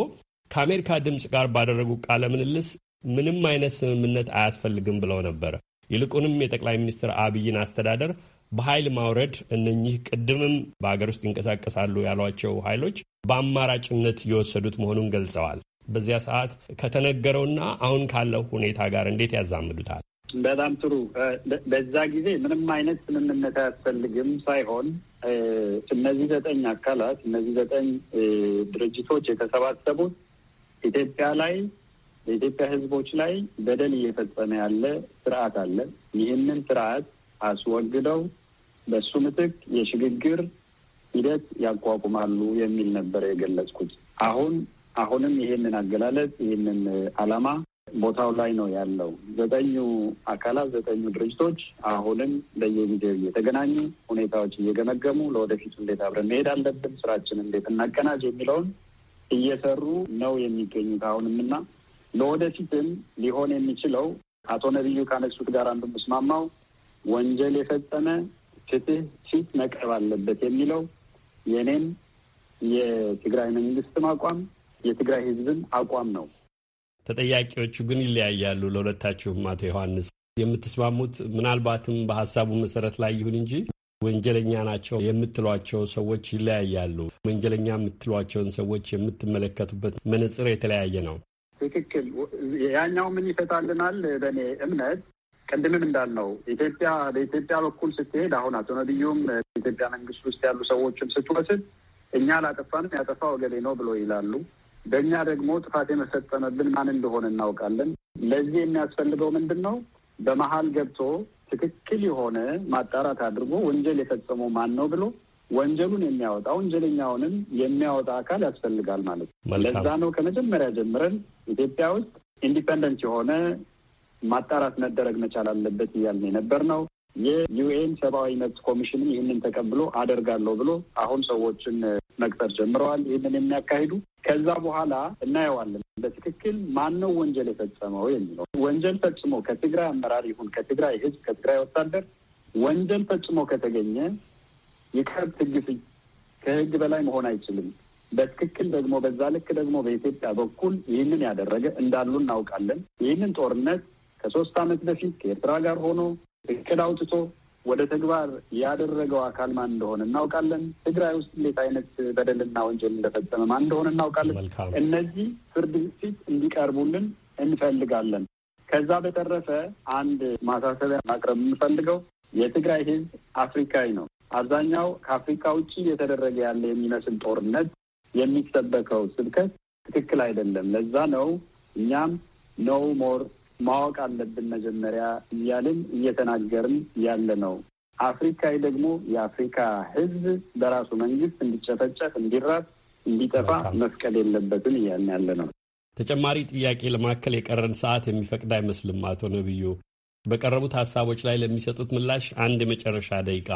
ከአሜሪካ ድምፅ ጋር ባደረጉ ቃለ ምልልስ ምንም አይነት ስምምነት አያስፈልግም ብለው ነበር። ይልቁንም የጠቅላይ ሚኒስትር አብይን አስተዳደር በኃይል ማውረድ እነኚህ ቅድምም በሀገር ውስጥ ይንቀሳቀሳሉ ያሏቸው ኃይሎች በአማራጭነት የወሰዱት መሆኑን ገልጸዋል። በዚያ ሰዓት ከተነገረውና አሁን ካለው ሁኔታ ጋር እንዴት ያዛምዱታል? በጣም ጥሩ። በዛ ጊዜ ምንም አይነት ስምምነት አያስፈልግም ሳይሆን እነዚህ ዘጠኝ አካላት እነዚህ ዘጠኝ ድርጅቶች የተሰባሰቡት ኢትዮጵያ ላይ በኢትዮጵያ ሕዝቦች ላይ በደል እየፈጸመ ያለ ስርዓት አለ። ይህንን ስርዓት አስወግደው በሱ ምትክ የሽግግር ሂደት ያቋቁማሉ የሚል ነበረ የገለጽኩት። አሁን አሁንም ይሄንን አገላለጽ ይህንን አላማ ቦታው ላይ ነው ያለው። ዘጠኙ አካላት ዘጠኙ ድርጅቶች አሁንም በየጊዜው እየተገናኙ ሁኔታዎች እየገመገሙ ለወደፊቱ እንዴት አብረን መሄድ አለብን፣ ስራችን እንዴት እናቀናጅ የሚለውን እየሰሩ ነው የሚገኙት አሁንም እና ለወደፊትም ሊሆን የሚችለው አቶ ነቢዩ ካነሱት ጋር አንዱ ምስማማው ወንጀል የፈጸመ ፍትህ ፊት መቅረብ አለበት የሚለው የእኔም የትግራይ መንግስትም አቋም የትግራይ ህዝብም አቋም ነው። ተጠያቂዎቹ ግን ይለያያሉ። ለሁለታችሁም አቶ ዮሐንስ የምትስማሙት ምናልባትም በሀሳቡ መሰረት ላይ ይሁን እንጂ ወንጀለኛ ናቸው የምትሏቸው ሰዎች ይለያያሉ። ወንጀለኛ የምትሏቸውን ሰዎች የምትመለከቱበት መነጽር የተለያየ ነው። ትክክል። ያኛው ምን ይፈታልናል? በእኔ እምነት ቅድምም እንዳልነው ኢትዮጵያ በኢትዮጵያ በኩል ስትሄድ አሁን አቶ ነቢዩም ኢትዮጵያ መንግስት ውስጥ ያሉ ሰዎችም ስትወስድ እኛ አላጠፋንም ያጠፋ ወገሌ ነው ብሎ ይላሉ። በእኛ ደግሞ ጥፋት የመፈጸመብን ማን እንደሆነ እናውቃለን። ለዚህ የሚያስፈልገው ምንድን ነው? በመሀል ገብቶ ትክክል የሆነ ማጣራት አድርጎ ወንጀል የፈጸመው ማን ነው ብሎ ወንጀሉን የሚያወጣ ወንጀለኛውንም የሚያወጣ አካል ያስፈልጋል ማለት ነው። ለዛ ነው ከመጀመሪያ ጀምረን ኢትዮጵያ ውስጥ ኢንዲፐንደንት የሆነ ማጣራት መደረግ መቻል አለበት እያልን የነበር ነው። የዩኤን ሰብአዊ መብት ኮሚሽን ይህንን ተቀብሎ አደርጋለሁ ብሎ አሁን ሰዎችን መቅጠር ጀምረዋል። ይህንን የሚያካሂዱ ከዛ በኋላ እናየዋለን በትክክል ማን ነው ወንጀል የፈጸመው የሚለው ወንጀል ፈጽሞ ከትግራይ አመራር ይሁን ከትግራይ ህዝብ ከትግራይ ወታደር ወንጀል ፈጽሞ ከተገኘ የከብት ሕግ ከህግ በላይ መሆን አይችልም። በትክክል ደግሞ በዛ ልክ ደግሞ በኢትዮጵያ በኩል ይህንን ያደረገ እንዳሉ እናውቃለን። ይህንን ጦርነት ከሶስት ዓመት በፊት ከኤርትራ ጋር ሆኖ እቅድ አውጥቶ ወደ ተግባር ያደረገው አካል ማን እንደሆነ እናውቃለን። ትግራይ ውስጥ እንዴት አይነት በደልና ወንጀል እንደፈጸመ ማን እንደሆነ እናውቃለን። እነዚህ ፍርድ ፊት እንዲቀርቡልን እንፈልጋለን። ከዛ በተረፈ አንድ ማሳሰቢያ ማቅረብ የምንፈልገው የትግራይ ሕዝብ አፍሪካዊ ነው። አብዛኛው ከአፍሪካ ውጭ እየተደረገ ያለ የሚመስል ጦርነት የሚሰበከው ስብከት ትክክል አይደለም። ለዛ ነው እኛም ኖ ሞር ማወቅ አለብን መጀመሪያ እያልን እየተናገርን ያለ ነው። አፍሪካዊ ደግሞ የአፍሪካ ሕዝብ በራሱ መንግስት እንዲጨፈጨፍ፣ እንዲራብ፣ እንዲጠፋ መፍቀድ የለበትም እያልን ያለ ነው። ተጨማሪ ጥያቄ ለማከል የቀረን ሰዓት የሚፈቅድ አይመስልም። አቶ ነብዩ በቀረቡት ሀሳቦች ላይ ለሚሰጡት ምላሽ አንድ የመጨረሻ ደቂቃ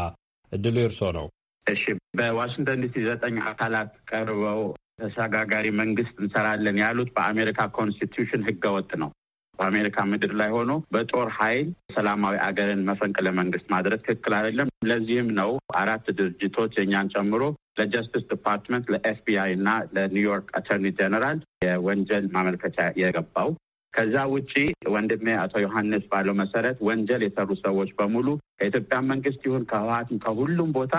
እድሉ የእርሶ ነው። እሺ፣ በዋሽንግተን ዲሲ ዘጠኝ አካላት ቀርበው ተሸጋጋሪ መንግስት እንሰራለን ያሉት በአሜሪካ ኮንስቲትዩሽን ህገወጥ ነው። በአሜሪካ ምድር ላይ ሆኖ በጦር ኃይል ሰላማዊ አገርን መፈንቅለ መንግስት ማድረግ ትክክል አይደለም። ለዚህም ነው አራት ድርጅቶች እኛን ጨምሮ ለጀስቲስ ዲፓርትመንት፣ ለኤፍቢአይ እና ለኒውዮርክ አተርኒ ጀነራል የወንጀል ማመልከቻ የገባው። ከዛ ውጪ ወንድሜ አቶ ዮሐንስ ባለው መሰረት ወንጀል የሰሩ ሰዎች በሙሉ ከኢትዮጵያ መንግስት ይሁን ከህወሀትም ከሁሉም ቦታ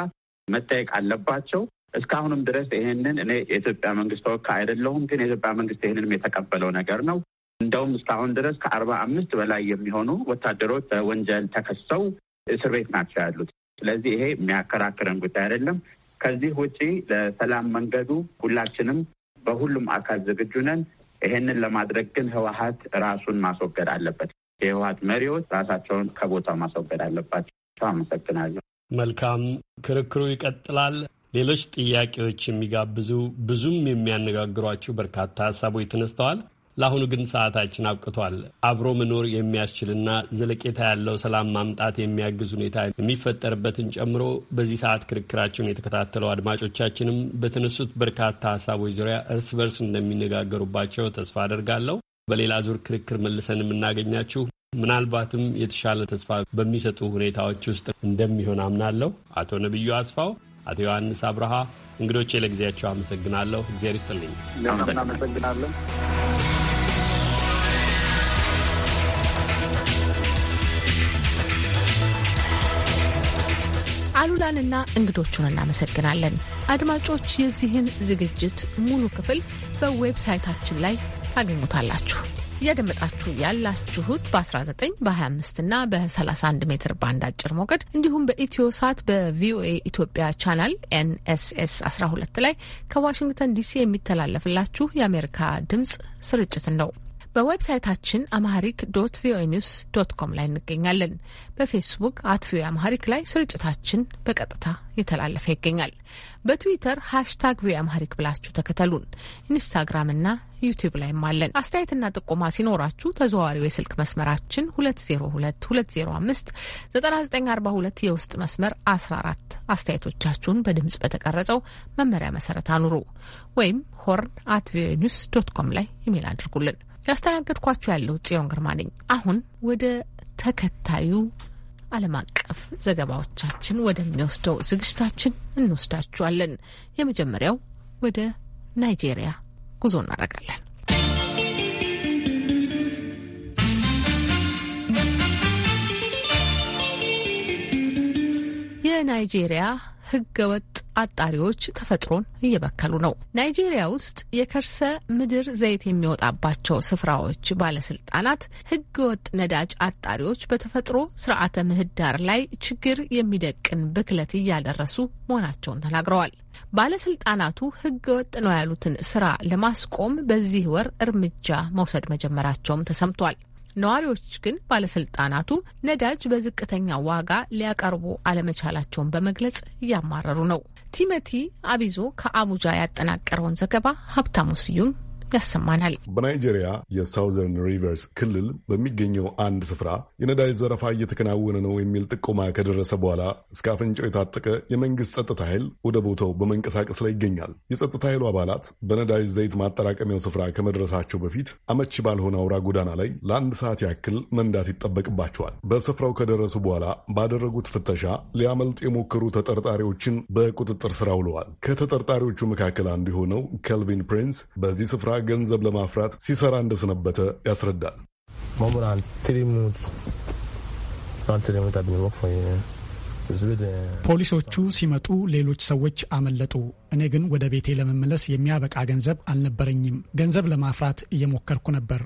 መጠየቅ አለባቸው። እስካሁንም ድረስ ይህንን እኔ የኢትዮጵያ መንግስት ተወካይ አይደለሁም፣ ግን የኢትዮጵያ መንግስት ይህንንም የተቀበለው ነገር ነው። እንደውም እስካሁን ድረስ ከአርባ አምስት በላይ የሚሆኑ ወታደሮች በወንጀል ተከሰው እስር ቤት ናቸው ያሉት። ስለዚህ ይሄ የሚያከራክረን ጉዳይ አይደለም። ከዚህ ውጪ ለሰላም መንገዱ ሁላችንም በሁሉም አካል ዝግጁ ነን። ይሄንን ለማድረግ ግን ህወሀት ራሱን ማስወገድ አለበት። የህወሀት መሪዎች ራሳቸውን ከቦታው ማስወገድ አለባቸው። አመሰግናለሁ። መልካም ክርክሩ ይቀጥላል። ሌሎች ጥያቄዎች የሚጋብዙ ብዙም የሚያነጋግሯችሁ በርካታ ሀሳቦች ተነስተዋል። ለአሁኑ ግን ሰዓታችን አብቅቷል። አብሮ መኖር የሚያስችልና ዘለቄታ ያለው ሰላም ማምጣት የሚያግዝ ሁኔታ የሚፈጠርበትን ጨምሮ በዚህ ሰዓት ክርክራችን የተከታተለው አድማጮቻችንም በተነሱት በርካታ ሀሳቦች ዙሪያ እርስ በርስ እንደሚነጋገሩባቸው ተስፋ አደርጋለሁ። በሌላ ዙር ክርክር መልሰን የምናገኛችሁ ምናልባትም የተሻለ ተስፋ በሚሰጡ ሁኔታዎች ውስጥ እንደሚሆን አምናለሁ። አቶ ነቢዩ አስፋው፣ አቶ ዮሐንስ አብርሃ እንግዶቼ ለጊዜያቸው አመሰግናለሁ። እግዚአብሔር ይስጥልኝ። እናመሰግናለን። አሉላንና እንግዶቹን እናመሰግናለን። አድማጮች የዚህን ዝግጅት ሙሉ ክፍል በዌብሳይታችን ላይ ታገኙታላችሁ። እያደመጣችሁ ያላችሁት በ19 በ25 እና በ31 ሜትር ባንድ አጭር ሞገድ እንዲሁም በኢትዮ ሳት በቪኦኤ ኢትዮጵያ ቻናል ኤንኤስኤስ 12 ላይ ከዋሽንግተን ዲሲ የሚተላለፍላችሁ የአሜሪካ ድምጽ ስርጭት ነው። በዌብሳይታችን አማሪክ ዶት ቪኦኤ ኒውስ ዶት ኮም ላይ እንገኛለን። በፌስቡክ አት ቪኦኤ አማሃሪክ ላይ ስርጭታችን በቀጥታ እየተላለፈ ይገኛል። በትዊተር ሃሽታግ ቪኦኤ አማሪክ ብላችሁ ተከተሉን። ኢንስታግራም እና ዩቲዩብ ላይም አለን። አስተያየትና ጥቆማ ሲኖራችሁ ተዘዋዋሪው የስልክ መስመራችን 2022059942 የውስጥ መስመር 14 አስተያየቶቻችሁን በድምጽ በተቀረጸው መመሪያ መሰረት አኑሩ ወይም ሆርን አት ቪኦኤ ኒውስ ዶት ኮም ላይ ኢሜል አድርጉልን። ያስተናገድኳችሁ ያለው ጽዮን ግርማ ነኝ። አሁን ወደ ተከታዩ ዓለም አቀፍ ዘገባዎቻችን ወደሚወስደው ዝግጅታችን እንወስዳችኋለን። የመጀመሪያው ወደ ናይጄሪያ ጉዞ እናደርጋለን። የናይጄሪያ ህገወጥ አጣሪዎች ተፈጥሮን እየበከሉ ነው። ናይጄሪያ ውስጥ የከርሰ ምድር ዘይት የሚወጣባቸው ስፍራዎች ባለስልጣናት ወጥ ነዳጅ አጣሪዎች በተፈጥሮ ስርዓተ ምህዳር ላይ ችግር የሚደቅን ብክለት እያደረሱ መሆናቸውን ተናግረዋል። ባለስልጣናቱ ወጥ ነው ያሉትን ስራ ለማስቆም በዚህ ወር እርምጃ መውሰድ መጀመራቸውም ተሰምቷል። ነዋሪዎች ግን ባለስልጣናቱ ነዳጅ በዝቅተኛ ዋጋ ሊያቀርቡ አለመቻላቸውን በመግለጽ እያማረሩ ነው። ቲሞቲ አቢዞ ከአቡጃ ያጠናቀረውን ዘገባ ሀብታሙ ስዩም ያሰማናል። በናይጄሪያ የሳውዘርን ሪቨርስ ክልል በሚገኘው አንድ ስፍራ የነዳጅ ዘረፋ እየተከናወነ ነው የሚል ጥቆማ ከደረሰ በኋላ እስከ አፍንጫው የታጠቀ የመንግስት ጸጥታ ኃይል ወደ ቦታው በመንቀሳቀስ ላይ ይገኛል። የጸጥታ ኃይሉ አባላት በነዳጅ ዘይት ማጠራቀሚያው ስፍራ ከመድረሳቸው በፊት አመቺ ባልሆነ አውራ ጎዳና ላይ ለአንድ ሰዓት ያክል መንዳት ይጠበቅባቸዋል። በስፍራው ከደረሱ በኋላ ባደረጉት ፍተሻ ሊያመልጡ የሞከሩ ተጠርጣሪዎችን በቁጥጥር ስር አውለዋል። ከተጠርጣሪዎቹ መካከል አንዱ የሆነው ከልቪን ፕሪንስ በዚህ ስፍራ ገንዘብ ለማፍራት ሲሰራ እንደሰነበተ ያስረዳል። ፖሊሶቹ ሲመጡ ሌሎች ሰዎች አመለጡ። እኔ ግን ወደ ቤቴ ለመመለስ የሚያበቃ ገንዘብ አልነበረኝም። ገንዘብ ለማፍራት እየሞከርኩ ነበር።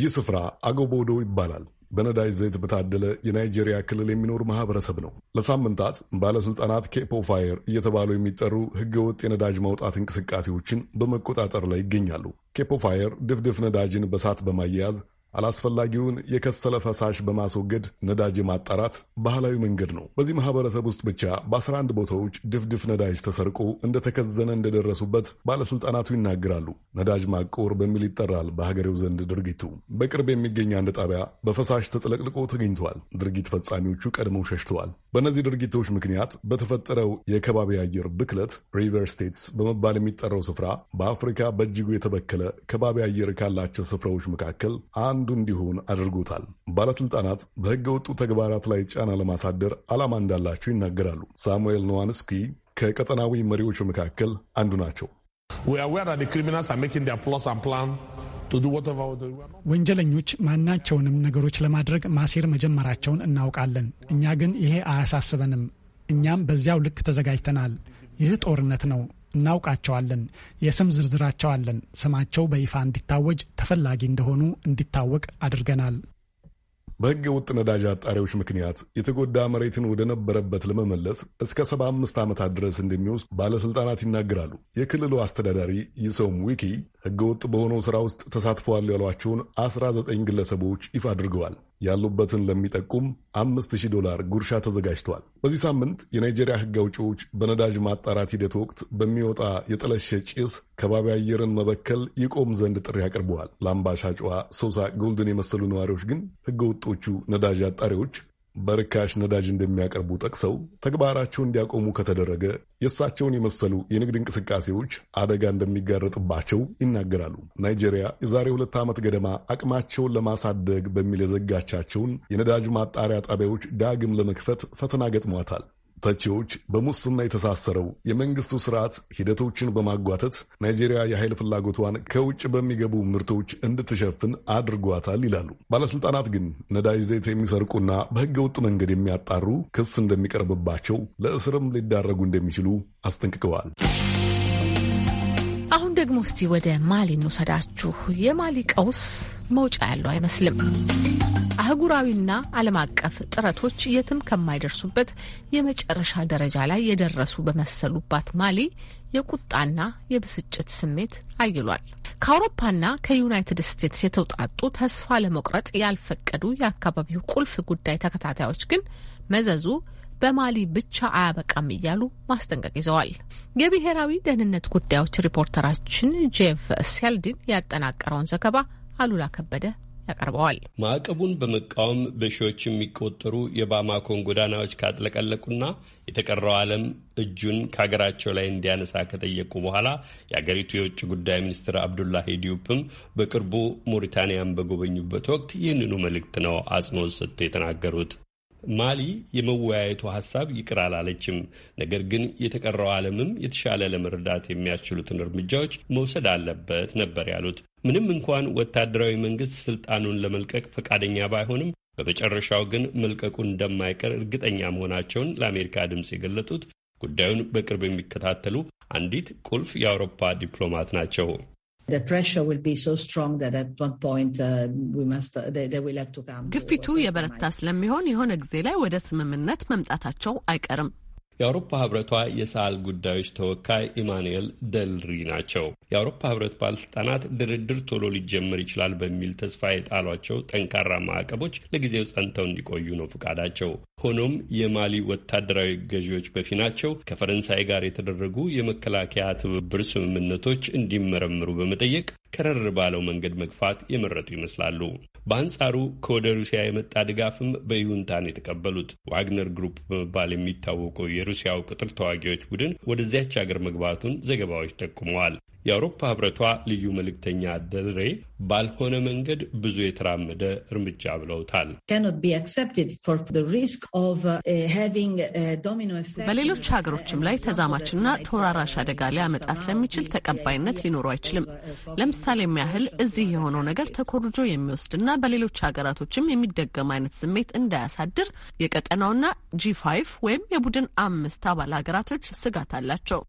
ይህ ስፍራ አገቦዶ ይባላል። በነዳጅ ዘይት በታደለ የናይጄሪያ ክልል የሚኖር ማህበረሰብ ነው። ለሳምንታት ባለስልጣናት ኬፖ ፋየር እየተባሉ የሚጠሩ ህገወጥ የነዳጅ ማውጣት እንቅስቃሴዎችን በመቆጣጠር ላይ ይገኛሉ። ኬፕ ፋየር ድፍድፍ ነዳጅን በሳት በማያያዝ አላስፈላጊውን የከሰለ ፈሳሽ በማስወገድ ነዳጅ የማጣራት ባህላዊ መንገድ ነው። በዚህ ማህበረሰብ ውስጥ ብቻ በ11 ቦታዎች ድፍድፍ ነዳጅ ተሰርቆ እንደተከዘነ እንደደረሱበት ባለሥልጣናቱ ይናገራሉ። ነዳጅ ማቆር በሚል ይጠራል በሀገሬው ዘንድ ድርጊቱ። በቅርብ የሚገኝ አንድ ጣቢያ በፈሳሽ ተጥለቅልቆ ተገኝተዋል። ድርጊት ፈጻሚዎቹ ቀድመው ሸሽተዋል። በእነዚህ ድርጊቶች ምክንያት በተፈጠረው የከባቢ አየር ብክለት ሪቨር ስቴትስ በመባል የሚጠራው ስፍራ በአፍሪካ በእጅጉ የተበከለ ከባቢ አየር ካላቸው ስፍራዎች መካከል አንድ አንዱ እንዲሆን አድርጎታል። ባለስልጣናት በሕገ ወጡ ተግባራት ላይ ጫና ለማሳደር ዓላማ እንዳላቸው ይናገራሉ። ሳሙኤል ኖዋንስኪ ከቀጠናዊ መሪዎቹ መካከል አንዱ ናቸው። ወንጀለኞች ማናቸውንም ነገሮች ለማድረግ ማሴር መጀመራቸውን እናውቃለን። እኛ ግን ይሄ አያሳስበንም። እኛም በዚያው ልክ ተዘጋጅተናል። ይህ ጦርነት ነው። እናውቃቸዋለን። የስም ዝርዝራቸው አለን። ስማቸው በይፋ እንዲታወጅ ተፈላጊ እንደሆኑ እንዲታወቅ አድርገናል። በሕገ ወጥ ነዳጅ አጣሪዎች ምክንያት የተጎዳ መሬትን ወደ ነበረበት ለመመለስ እስከ 75 ዓመታት ድረስ እንደሚወስድ ባለሥልጣናት ይናገራሉ። የክልሉ አስተዳዳሪ ይሰውም ዊኪ ሕገ ወጥ በሆነው ሥራ ውስጥ ተሳትፈዋል ያሏቸውን 19 ግለሰቦች ይፋ አድርገዋል። ያሉበትን ለሚጠቁም አምስት ሺህ ዶላር ጉርሻ ተዘጋጅቷል። በዚህ ሳምንት የናይጄሪያ ሕግ አውጪዎች በነዳጅ ማጣራት ሂደት ወቅት በሚወጣ የጠለሸ ጭስ ከባቢ አየርን መበከል ይቆም ዘንድ ጥሪ አቅርበዋል። ለአምባሻጫዋ ሶሳ ጎልድን የመሰሉ ነዋሪዎች ግን ሕገ ወጦቹ ነዳጅ አጣሪዎች በርካሽ ነዳጅ እንደሚያቀርቡ ጠቅሰው ተግባራቸው እንዲያቆሙ ከተደረገ የእሳቸውን የመሰሉ የንግድ እንቅስቃሴዎች አደጋ እንደሚጋረጥባቸው ይናገራሉ። ናይጄሪያ የዛሬ ሁለት ዓመት ገደማ አቅማቸውን ለማሳደግ በሚል የዘጋቻቸውን የነዳጅ ማጣሪያ ጣቢያዎች ዳግም ለመክፈት ፈተና ገጥሟታል። ተቺዎች በሙስና የተሳሰረው የመንግስቱ ስርዓት ሂደቶችን በማጓተት ናይጄሪያ የኃይል ፍላጎቷን ከውጭ በሚገቡ ምርቶች እንድትሸፍን አድርጓታል ይላሉ። ባለስልጣናት ግን ነዳጅ ዘይት የሚሰርቁና በሕገ ወጥ መንገድ የሚያጣሩ ክስ እንደሚቀርብባቸው፣ ለእስርም ሊዳረጉ እንደሚችሉ አስጠንቅቀዋል። አሁን ደግሞ እስቲ ወደ ማሊ እንውሰዳችሁ። የማሊ ቀውስ መውጫ ያለው አይመስልም። አህጉራዊና ዓለም አቀፍ ጥረቶች የትም ከማይደርሱበት የመጨረሻ ደረጃ ላይ የደረሱ በመሰሉባት ማሊ የቁጣና የብስጭት ስሜት አይሏል። ከአውሮፓና ከዩናይትድ ስቴትስ የተውጣጡ ተስፋ ለመቁረጥ ያልፈቀዱ የአካባቢው ቁልፍ ጉዳይ ተከታታዮች ግን መዘዙ በማሊ ብቻ አያበቃም እያሉ ማስጠንቀቅ ይዘዋል። የብሔራዊ ደህንነት ጉዳዮች ሪፖርተራችን ጄፍ ሴልዲን ያጠናቀረውን ዘገባ አሉላ ከበደ ያቀርበዋል። ማዕቀቡን በመቃወም በሺዎች የሚቆጠሩ የባማኮን ጎዳናዎች ካጥለቀለቁና የተቀረው ዓለም እጁን ከሀገራቸው ላይ እንዲያነሳ ከጠየቁ በኋላ የአገሪቱ የውጭ ጉዳይ ሚኒስትር አብዱላሂ ዲዩፕም በቅርቡ ሞሪታንያን በጎበኙበት ወቅት ይህንኑ መልእክት ነው አጽንኦት ሰጥተው የተናገሩት። ማሊ የመወያየቱ ሀሳብ ይቅር አላለችም። ነገር ግን የተቀረው ዓለምም የተሻለ ለመርዳት የሚያስችሉትን እርምጃዎች መውሰድ አለበት ነበር ያሉት ምንም እንኳን ወታደራዊ መንግስት ስልጣኑን ለመልቀቅ ፈቃደኛ ባይሆንም በመጨረሻው ግን መልቀቁ እንደማይቀር እርግጠኛ መሆናቸውን ለአሜሪካ ድምፅ የገለጡት ጉዳዩን በቅርብ የሚከታተሉ አንዲት ቁልፍ የአውሮፓ ዲፕሎማት ናቸው። uh, uh, ግፊቱ የበረታ ስለሚሆን የሆነ ጊዜ ላይ ወደ ስምምነት መምጣታቸው አይቀርም። የአውሮፓ ህብረቷ የሰዓል ጉዳዮች ተወካይ ኢማንኤል ደልሪ ናቸው። የአውሮፓ ህብረት ባለስልጣናት ድርድር ቶሎ ሊጀመር ይችላል በሚል ተስፋ የጣሏቸው ጠንካራ ማዕቀቦች ለጊዜው ጸንተው እንዲቆዩ ነው ፈቃዳቸው። ሆኖም የማሊ ወታደራዊ ገዢዎች በፊናቸው ከፈረንሳይ ጋር የተደረጉ የመከላከያ ትብብር ስምምነቶች እንዲመረምሩ በመጠየቅ ከረር ባለው መንገድ መግፋት የመረጡ ይመስላሉ። በአንጻሩ ከወደ ሩሲያ የመጣ ድጋፍም በይሁንታን የተቀበሉት ዋግነር ግሩፕ በመባል የሚታወቀው የሩሲያው ቅጥር ተዋጊዎች ቡድን ወደዚያች ሀገር መግባቱን ዘገባዎች ጠቁመዋል። የአውሮፓ ህብረቷ ልዩ መልእክተኛ ደልሬ ባልሆነ መንገድ ብዙ የተራመደ እርምጃ ብለውታል። uh, በሌሎች ሀገሮችም ላይ ተዛማችና ተወራራሽ አደጋ ሊያመጣ ስለሚችል ተቀባይነት ሊኖሩ አይችልም። ለምሳሌም ያህል እዚህ የሆነው ነገር ተኮርጆ የሚወስድና በሌሎች ሀገራቶችም የሚደገም አይነት ስሜት እንዳያሳድር የቀጠናውና ጂ ፋይቭ ወይም የቡድን አምስት አባል ሀገራቶች ስጋት አላቸው።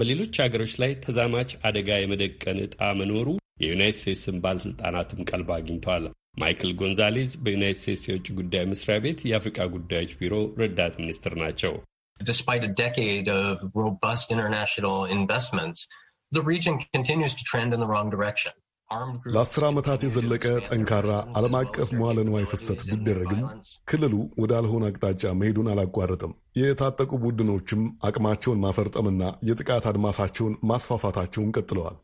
በሌሎች አገሮች ላይ ተዛማች አደጋ የመደቀን ዕጣ መኖሩ የዩናይት ስቴትስን ባለሥልጣናትም ቀልብ አግኝተዋል። ማይክል ጎንዛሌዝ በዩናይት ስቴትስ የውጭ ጉዳይ መስሪያ ቤት የአፍሪካ ጉዳዮች ቢሮ ረዳት ሚኒስትር ናቸው። ለአስር ዓመታት የዘለቀ ጠንካራ ዓለም አቀፍ መዋለ ንዋይ ፍሰት ቢደረግም ክልሉ ወዳልሆነ አቅጣጫ መሄዱን አላቋረጥም። የታጠቁ ቡድኖችም አቅማቸውን ማፈርጠምና የጥቃት አድማሳቸውን ማስፋፋታቸውን ቀጥለዋል።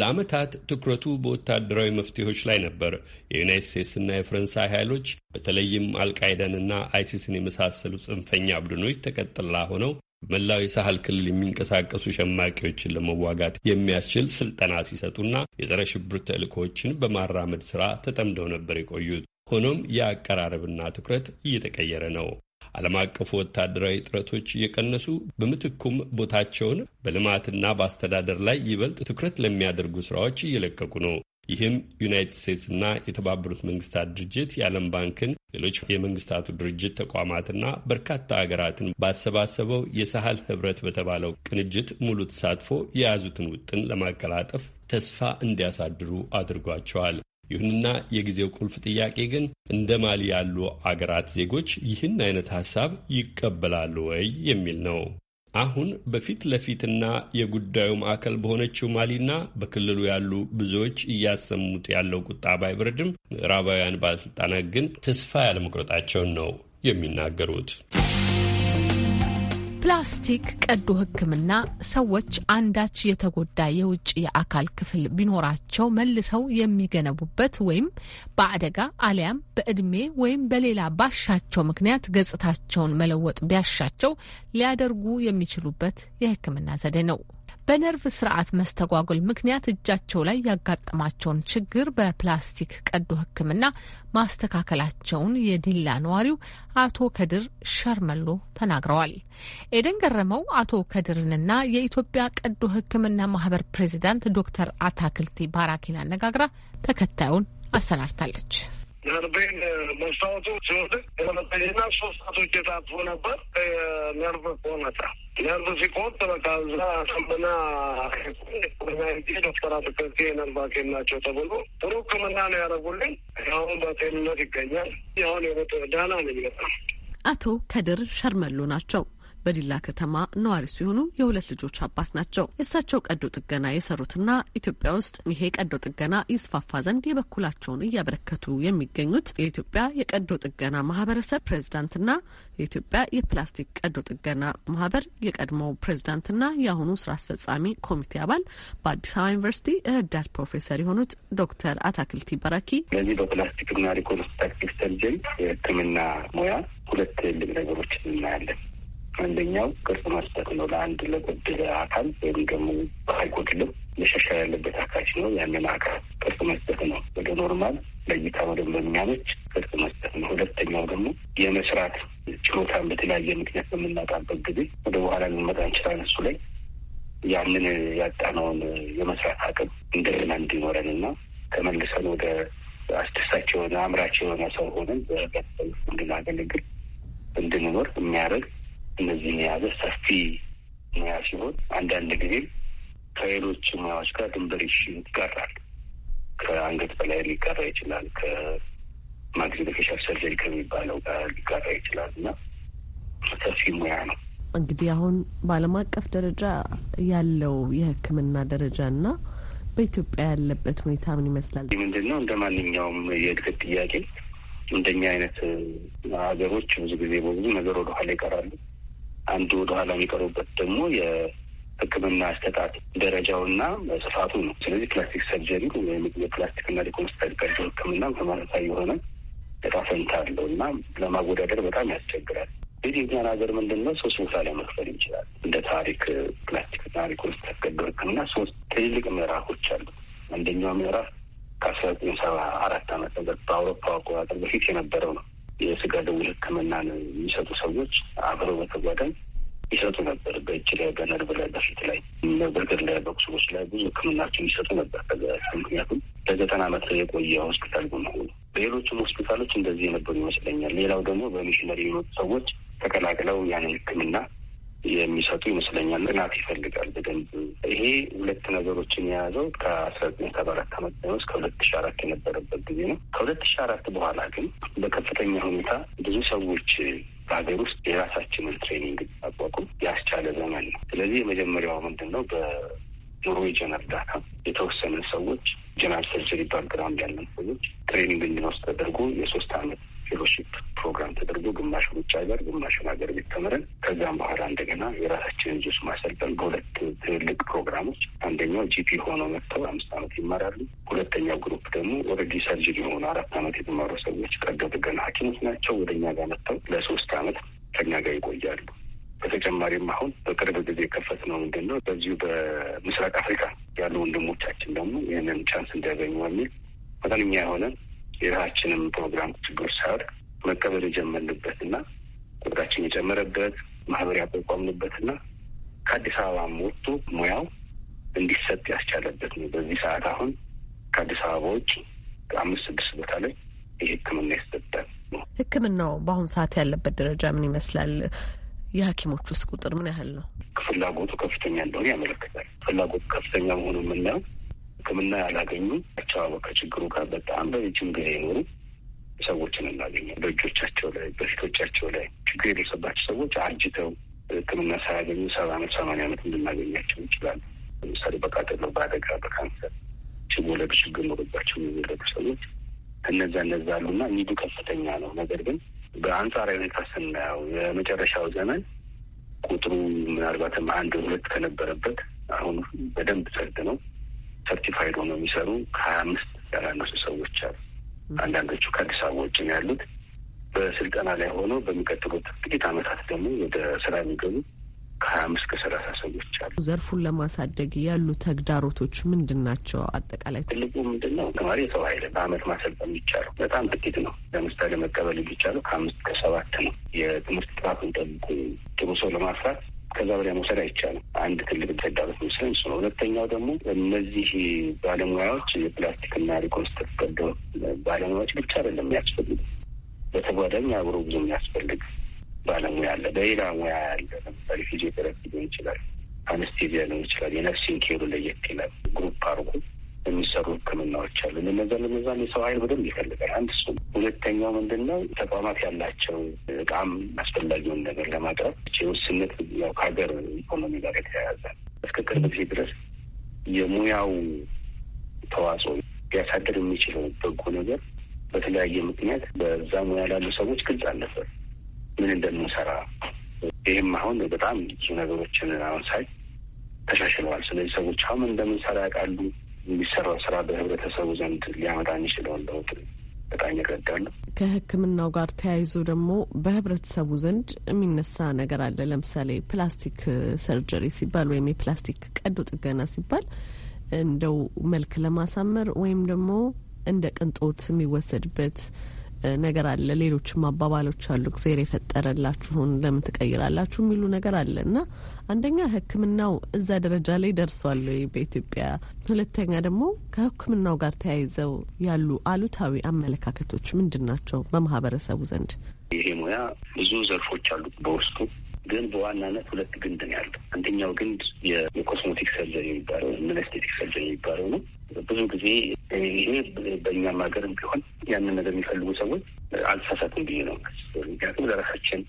ለዓመታት ትኩረቱ በወታደራዊ መፍትሄዎች ላይ ነበር። የዩናይት ስቴትስና የፈረንሳይ ኃይሎች በተለይም አልቃይዳንና አይሲስን የመሳሰሉ ጽንፈኛ ቡድኖች ተቀጥላ ሆነው መላው የሳህል ክልል የሚንቀሳቀሱ ሸማቂዎችን ለመዋጋት የሚያስችል ስልጠና ሲሰጡና የጸረ ሽብር ተልእኮዎችን በማራመድ ስራ ተጠምደው ነበር የቆዩት። ሆኖም የአቀራረብና ትኩረት እየተቀየረ ነው። ዓለም አቀፉ ወታደራዊ ጥረቶች እየቀነሱ በምትኩም ቦታቸውን በልማትና በአስተዳደር ላይ ይበልጥ ትኩረት ለሚያደርጉ ስራዎች እየለቀቁ ነው። ይህም ዩናይትድ ስቴትስና የተባበሩት መንግስታት ድርጅት የዓለም ባንክን ሌሎች የመንግስታቱ ድርጅት ተቋማትና በርካታ ሀገራትን ባሰባሰበው የሳህል ህብረት በተባለው ቅንጅት ሙሉ ተሳትፎ የያዙትን ውጥን ለማቀላጠፍ ተስፋ እንዲያሳድሩ አድርጓቸዋል። ይሁንና የጊዜው ቁልፍ ጥያቄ ግን እንደ ማሊ ያሉ አገራት ዜጎች ይህን አይነት ሀሳብ ይቀበላሉ ወይ የሚል ነው። አሁን በፊት ለፊትና የጉዳዩ ማዕከል በሆነችው ማሊና በክልሉ ያሉ ብዙዎች እያሰሙት ያለው ቁጣ ባይበርድም ምዕራባውያን ባለስልጣናት ግን ተስፋ ያለመቁረጣቸውን ነው የሚናገሩት። ፕላስቲክ ቀዶ ሕክምና ሰዎች አንዳች የተጎዳ የውጭ የአካል ክፍል ቢኖራቸው መልሰው የሚገነቡበት ወይም በአደጋ አሊያም በእድሜ ወይም በሌላ ባሻቸው ምክንያት ገጽታቸውን መለወጥ ቢያሻቸው ሊያደርጉ የሚችሉበት የሕክምና ዘዴ ነው። በነርቭ ስርዓት መስተጓጎል ምክንያት እጃቸው ላይ ያጋጠማቸውን ችግር በፕላስቲክ ቀዶ ሕክምና ማስተካከላቸውን የዲላ ነዋሪው አቶ ከድር ሸርመሎ ተናግረዋል። ኤደን ገረመው አቶ ከድርንና የኢትዮጵያ ቀዶ ሕክምና ማህበር ፕሬዚዳንት ዶክተር አታክልቲ ባራኪን አነጋግራ ተከታዩን አሰናድታለች። መስታወቱ ሲወድቅ እና ሶስት ሰዓቶች የታጥፎ ነበር። ነርቭ ቆመታ ነርቭ ሲቆጥ በቃ እዛ ሰምና ዶክተር አትክልቴ ነርቭ ሐኪም ናቸው ተብሎ ጥሩ ሕክምና ነው ያደረጉልኝ። አሁን በጤንነት ይገኛል። አሁን ዳና ነኝ በጣም። አቶ ከድር ሸርመሉ ናቸው በዲላ ከተማ ነዋሪ ሲሆኑ የሁለት ልጆች አባት ናቸው። የእሳቸው ቀዶ ጥገና የሰሩትና ኢትዮጵያ ውስጥ ይሄ ቀዶ ጥገና ይስፋፋ ዘንድ የበኩላቸውን እያበረከቱ የሚገኙት የኢትዮጵያ የቀዶ ጥገና ማህበረሰብ ፕሬዝዳንትና የኢትዮጵያ የፕላስቲክ ቀዶ ጥገና ማህበር የቀድሞው ፕሬዝዳንትና የአሁኑ ስራ አስፈጻሚ ኮሚቴ አባል በአዲስ አበባ ዩኒቨርሲቲ ረዳት ፕሮፌሰር የሆኑት ዶክተር አታክልቲ በራኪ በዚህ በፕላስቲክና ሪኮንስትራክቲቭ ሰርጀን የህክምና ሙያ ሁለት ትልቅ ነገሮችን እናያለን። አንደኛው ቅርጽ መስጠት ነው። ለአንድ ለጎደለ አካል ወይም ደግሞ አይጎድልም መሻሻል ያለበት አካል ነው። ያንን አካል ቅርጽ መስጠት ነው። ወደ ኖርማል ለእይታ ወደ በሚያመች ቅርጽ መስጠት ነው። ሁለተኛው ደግሞ የመስራት ችሎታን በተለያየ ምክንያት በምናጣበት ጊዜ ወደ በኋላ ልንመጣ እንችላለን። እሱ ላይ ያንን ያጣነውን የመስራት አቅም እንደገና እንዲኖረን እና ተመልሰን ወደ አስደሳች የሆነ አምራች የሆነ ሰው ሆነን በቤተሰብ እንድናገለግል እንድንኖር የሚያደርግ እነዚህን የያዘ ሰፊ ሙያ ሲሆን አንዳንድ ጊዜም ከሌሎች ሙያዎች ጋር ድንበር ይጋራል። ከአንገት በላይ ሊጋራ ይችላል። ከማግዜሎፌሻል ሰርጀሪ ከሚባለው ጋር ሊጋራ ይችላል እና ሰፊ ሙያ ነው። እንግዲህ አሁን በዓለም አቀፍ ደረጃ ያለው የሕክምና ደረጃ እና በኢትዮጵያ ያለበት ሁኔታ ምን ይመስላል? ምንድን ነው እንደ ማንኛውም የእድገት ጥያቄ እንደኛ አይነት ሀገሮች ብዙ ጊዜ በብዙ ነገር ወደኋላ ይቀራሉ። አንዱ ወደኋላ የሚቀሩበት ደግሞ የሕክምና አሰጣጥ ደረጃውና ስፋቱ ነው። ስለዚህ ፕላስቲክ ሰርጀሪ ወይም የፕላስቲክና ሪኮንስትራክቲቭ ቀዶ ሕክምና ተመሳሳይ የሆነ እጣ ፈንታ አለው እና ለማወዳደር በጣም ያስቸግራል። እንግዲህ እኛን ሀገር ምንድን ነው ሶስት ቦታ ላይ መክፈል ይችላል። እንደ ታሪክ ፕላስቲክና ሪኮንስትራክቲቭ ቀዶ ሕክምና ሶስት ትልልቅ ምዕራፎች አሉ። አንደኛው ምዕራፍ ከአስራ ዘጠኝ ሰባ አራት አመት በአውሮፓ አቆጣጠር በፊት የነበረው ነው። የስጋ ደውል ህክምና ነው የሚሰጡ ሰዎች አብረው በተጓዳኝ ይሰጡ ነበር። በእጅ ላይ፣ በነርብ ላይ፣ በፊት ላይ፣ በእግር ላይ፣ በቁስሎች ላይ ብዙ ሕክምናቸውን ይሰጡ ነበር። ምክንያቱም ለዘጠና ዓመት የቆየ ሆስፒታል በመሆኑ በሌሎችም ሆስፒታሎች እንደዚህ የነበሩ ይመስለኛል። ሌላው ደግሞ በሚሽነሪ የመጡ ሰዎች ተቀላቅለው ያንን ሕክምና የሚሰጡ ይመስለኛል። ጥናት ይፈልጋል በደንብ ይሄ ሁለት ነገሮችን የያዘው ከአስራ ዘጠኝ ሰባ አራት ዓመት ስ ከሁለት ሺ አራት የነበረበት ጊዜ ነው። ከሁለት ሺ አራት በኋላ ግን በከፍተኛ ሁኔታ ብዙ ሰዎች በሀገር ውስጥ የራሳችንን ትሬኒንግ አቋቁም ያስቻለ ዘመን ነው። ስለዚህ የመጀመሪያው ምንድን ነው በኖርዌጅን እርዳታ የተወሰነ ሰዎች ጀነራል ሰርጀሪ ባክግራውንድ ያለን ሰዎች ትሬኒንግ እንዲኖስ ተደርጎ የሶስት አመት ፌሎሺፕ ፕሮግራም ተደርጎ ግማሹን ውጭ ሀገር ግማሹን ሀገር ቤት ተምረን ከዛም በኋላ እንደገና የራሳችንን ጁስ ማሰልጠን በሁለት ትልልቅ ፕሮግራሞች አንደኛው ጂፒ ሆኖ መጥተው አምስት ዓመት ይማራሉ። ሁለተኛው ግሩፕ ደግሞ ኦልሬዲ ሰርጅን የሆኑ አራት ዓመት የተማሩ ሰዎች ቀዶ ጥገና ሐኪሞች ናቸው። ወደ እኛ ጋር መጥተው ለሶስት ዓመት ከኛ ጋር ይቆያሉ። በተጨማሪም አሁን በቅርብ ጊዜ የከፈት ነው ምንድን ነው በዚሁ በምስራቅ አፍሪካ ያሉ ወንድሞቻችን ደግሞ ይህንን ቻንስ እንዲያገኙ የሚል መጠነኛ የሆነ የራሳችንም ፕሮግራም ችግር ሳር መቀበል የጀመርንበት እና ቁጥራችን የጨመረበት ማህበር ያቋቋምንበት እና ከአዲስ አበባም ወጥቶ ሙያው እንዲሰጥ ያስቻለበት ነው። በዚህ ሰዓት አሁን ከአዲስ አበባ ውጭ አምስት ስድስት ቦታ ላይ ይህ ሕክምና ይሰጣል። ህክምናው በአሁኑ ሰዓት ያለበት ደረጃ ምን ይመስላል? የሐኪሞች ውስጥ ቁጥር ምን ያህል ነው? ፍላጎቱ ከፍተኛ እንደሆነ ያመለክታል። ፍላጎቱ ከፍተኛ መሆኑ የምናየው ሕክምና ያላገኙ አቸዋበ ከችግሩ ጋር በጣም በረጅም ጊዜ የኖሩ ሰዎችን እናገኛል። በእጆቻቸው ላይ በፊቶቻቸው ላይ ችግር የደረሰባቸው ሰዎች አርጅተው ሕክምና ሳያገኙ ሰባ አመት ሰማንያ አመት እንድናገኛቸው ይችላሉ። ለምሳሌ በቃጠሎ፣ በአደጋ፣ በካንሰር ሲወለዱ ችግር ኖሮባቸው የሚወለዱ ሰዎች እነዛ እነዛ አሉና ኒዱ ከፍተኛ ነው። ነገር ግን በአንጻራዊ ሁኔታ ስናየው የመጨረሻው ዘመን ቁጥሩ ምናልባትም አንድ ሁለት ከነበረበት አሁን በደንብ ጸድ ነው ሰርቲፋይድ ሆነው የሚሰሩ ከሀያ አምስት ያላነሱ ሰዎች አሉ። አንዳንዶቹ ከአዲስ አበባ ውጭ ነው ያሉት። በስልጠና ላይ ሆነው በሚቀጥሉት ጥቂት ዓመታት ደግሞ ወደ ስራ የሚገቡ ከሀያ አምስት ከሰላሳ ሰዎች አሉ። ዘርፉን ለማሳደግ ያሉ ተግዳሮቶች ምንድን ናቸው? አጠቃላይ ትልቁ ምንድን ነው? ተማሪ የሰው ኃይል በአመት ማሰልጠን የሚቻለው በጣም ጥቂት ነው። ለምሳሌ መቀበል የሚቻለው ከአምስት ከሰባት ነው። የትምህርት ጥራቱን ጠብቁ ጥሩ ሰው ለማፍራት ከዛ በላይ መውሰድ አይቻልም። አንድ ትልቅ ተዳበት ምስል እሱ ነው። ሁለተኛው ደግሞ እነዚህ ባለሙያዎች የፕላስቲክና ሪኮንስትር ቀዶ ባለሙያዎች ብቻ አይደለም የሚያስፈልግ በተጓዳኝ አብሮ ብዙ የሚያስፈልግ ባለሙያ አለ፣ በሌላ ሙያ ያለ ለምሳሌ ፊዚዮቴራፒ ሊሆን ይችላል፣ አነስቴዚያ ሊሆን ይችላል። የነፍሲን ኬሩ ለየት ይላል ግሩፕ አርጎ የሚሰሩ ህክምናዎች አሉ። ለነዛ ለነዛን የሰው ሀይል በደንብ ይፈልጋል። አንድ እሱ። ሁለተኛው ምንድን ነው ተቋማት ያላቸው እቃም አስፈላጊውን ነገር ለማቅረብ ውስንነት ያው ከሀገር ኢኮኖሚ ጋር የተያያዘ እስከ ቅርብ ጊዜ ድረስ የሙያው ተዋጽኦ ሊያሳድር የሚችለው በጎ ነገር በተለያየ ምክንያት በዛ ሙያ ላሉ ሰዎች ግልጽ አልነበር ምን እንደምንሰራ። ይህም አሁን በጣም ብዙ ነገሮችን አሁን ሳይ ተሻሽለዋል። ስለዚህ ሰዎች አሁን እንደምንሰራ ያውቃሉ። የሚሰራው ስራ በህብረተሰቡ ዘንድ ሊያመጣ የሚችለውን ለውጥ በጣም ይረዳሉ። ከህክምናው ጋር ተያይዞ ደግሞ በህብረተሰቡ ዘንድ የሚነሳ ነገር አለ። ለምሳሌ ፕላስቲክ ሰርጀሪ ሲባል ወይም የፕላስቲክ ቀዶ ጥገና ሲባል እንደው መልክ ለማሳመር ወይም ደግሞ እንደ ቅንጦት የሚወሰድበት ነገር አለ። ሌሎችም አባባሎች አሉ። እግዚአብሔር የፈጠረላችሁን ለምን ትቀይራላችሁ የሚሉ ነገር አለ እና አንደኛ ሕክምናው እዛ ደረጃ ላይ ደርሷል በኢትዮጵያ። ሁለተኛ ደግሞ ከሕክምናው ጋር ተያይዘው ያሉ አሉታዊ አመለካከቶች ምንድን ናቸው በማህበረሰቡ ዘንድ? ይሄ ሙያ ብዙ ዘርፎች አሉ በውስጡ ግን በዋናነት ሁለት ግንድ ነው ያለው። አንደኛው ግንድ የኮስሞቲክ ሰርጀሪ የሚባለው ምን ስቴቲክ ሰርጀሪ የሚባለው ነው። ብዙ ጊዜ ይሄ በእኛም ሀገርም ቢሆን ያንን ነገር የሚፈልጉ ሰዎች አልተሳሳትም ብዬ ነው። ምክንያቱም ለራሳችን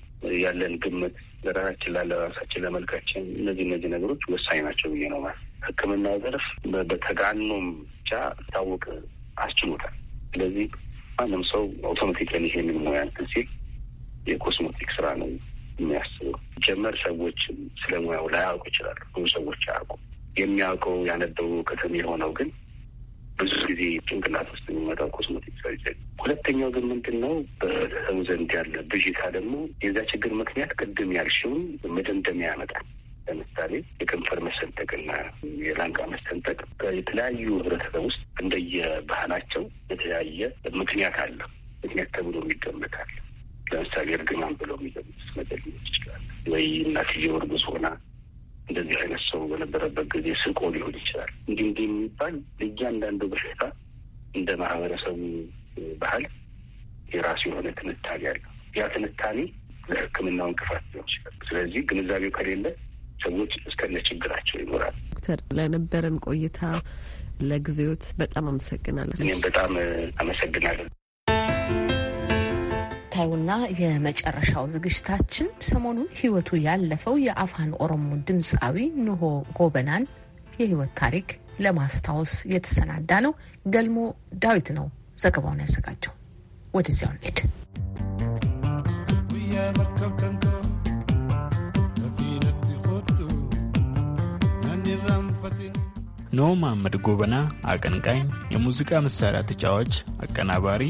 ያለን ግምት ለራሳችን ላለ ራሳችን ለመልካችን እነዚህ እነዚህ ነገሮች ወሳኝ ናቸው ብዬ ነው ማለት ህክምና ዘርፍ በተጋኖም ብቻ ታወቅ አስችሎታል። ስለዚህ ማንም ሰው አውቶማቲካሊ ይሄንን ሙያ እንትን ሲል የኮስሞቲክ ስራ ነው የሚያስበው። ጀመር ሰዎች ስለ ሙያው ላያውቁ ይችላሉ። ብዙ ሰዎች አያውቁ የሚያውቀው ያነበቡ ከተሜ የሆነው ግን ብዙ ጊዜ ጭንቅላት ውስጥ የሚመጣው ኮስሞቲክ ሰርጀሪ። ሁለተኛው ግን ምንድን ነው በሰው ዘንድ ያለ ብዥታ ደግሞ የዛ ችግር ምክንያት ቅድም ያልሽውን መደምደሚያ ያመጣል። ለምሳሌ የከንፈር መሰንጠቅና የላንቃ መሰንጠቅ የተለያዩ ህብረተሰብ ውስጥ እንደየባህላቸው የተለያየ ምክንያት አለ። ምክንያት ተብሎ የሚገመታል። ለምሳሌ እርግማን ብለው የሚገመት ነገር ይችላል ወይ እናትየው እርጉዝ ሆና እንደዚህ አይነት ሰው በነበረበት ጊዜ ስቆ ሊሆን ይችላል። እንዲህ እንዲህ የሚባል እያንዳንዱ በሽታ እንደ ማህበረሰቡ ባህል የራሱ የሆነ ትንታኔ አለው። ያ ትንታኔ ለሕክምናው እንቅፋት ሊሆን ይችላል። ስለዚህ ግንዛቤው ከሌለ ሰዎች እስከነ ችግራቸው ይኖራል። ዶክተር ለነበረን ቆይታ ለጊዜዎት በጣም አመሰግናለን። እኔም በጣም አመሰግናለን። ተከታዩና የመጨረሻው ዝግጅታችን ሰሞኑን ሕይወቱ ያለፈው የአፋን ኦሮሞ ድምፃዊ ንሆ ጎበናን የሕይወት ታሪክ ለማስታወስ የተሰናዳ ነው። ገልሞ ዳዊት ነው ዘገባውን ያዘጋጀው። ወደዚያው እንሂድ። ኖህ መሐመድ ጎበና አቀንቃኝ፣ የሙዚቃ መሳሪያ ተጫዋች፣ አቀናባሪ፣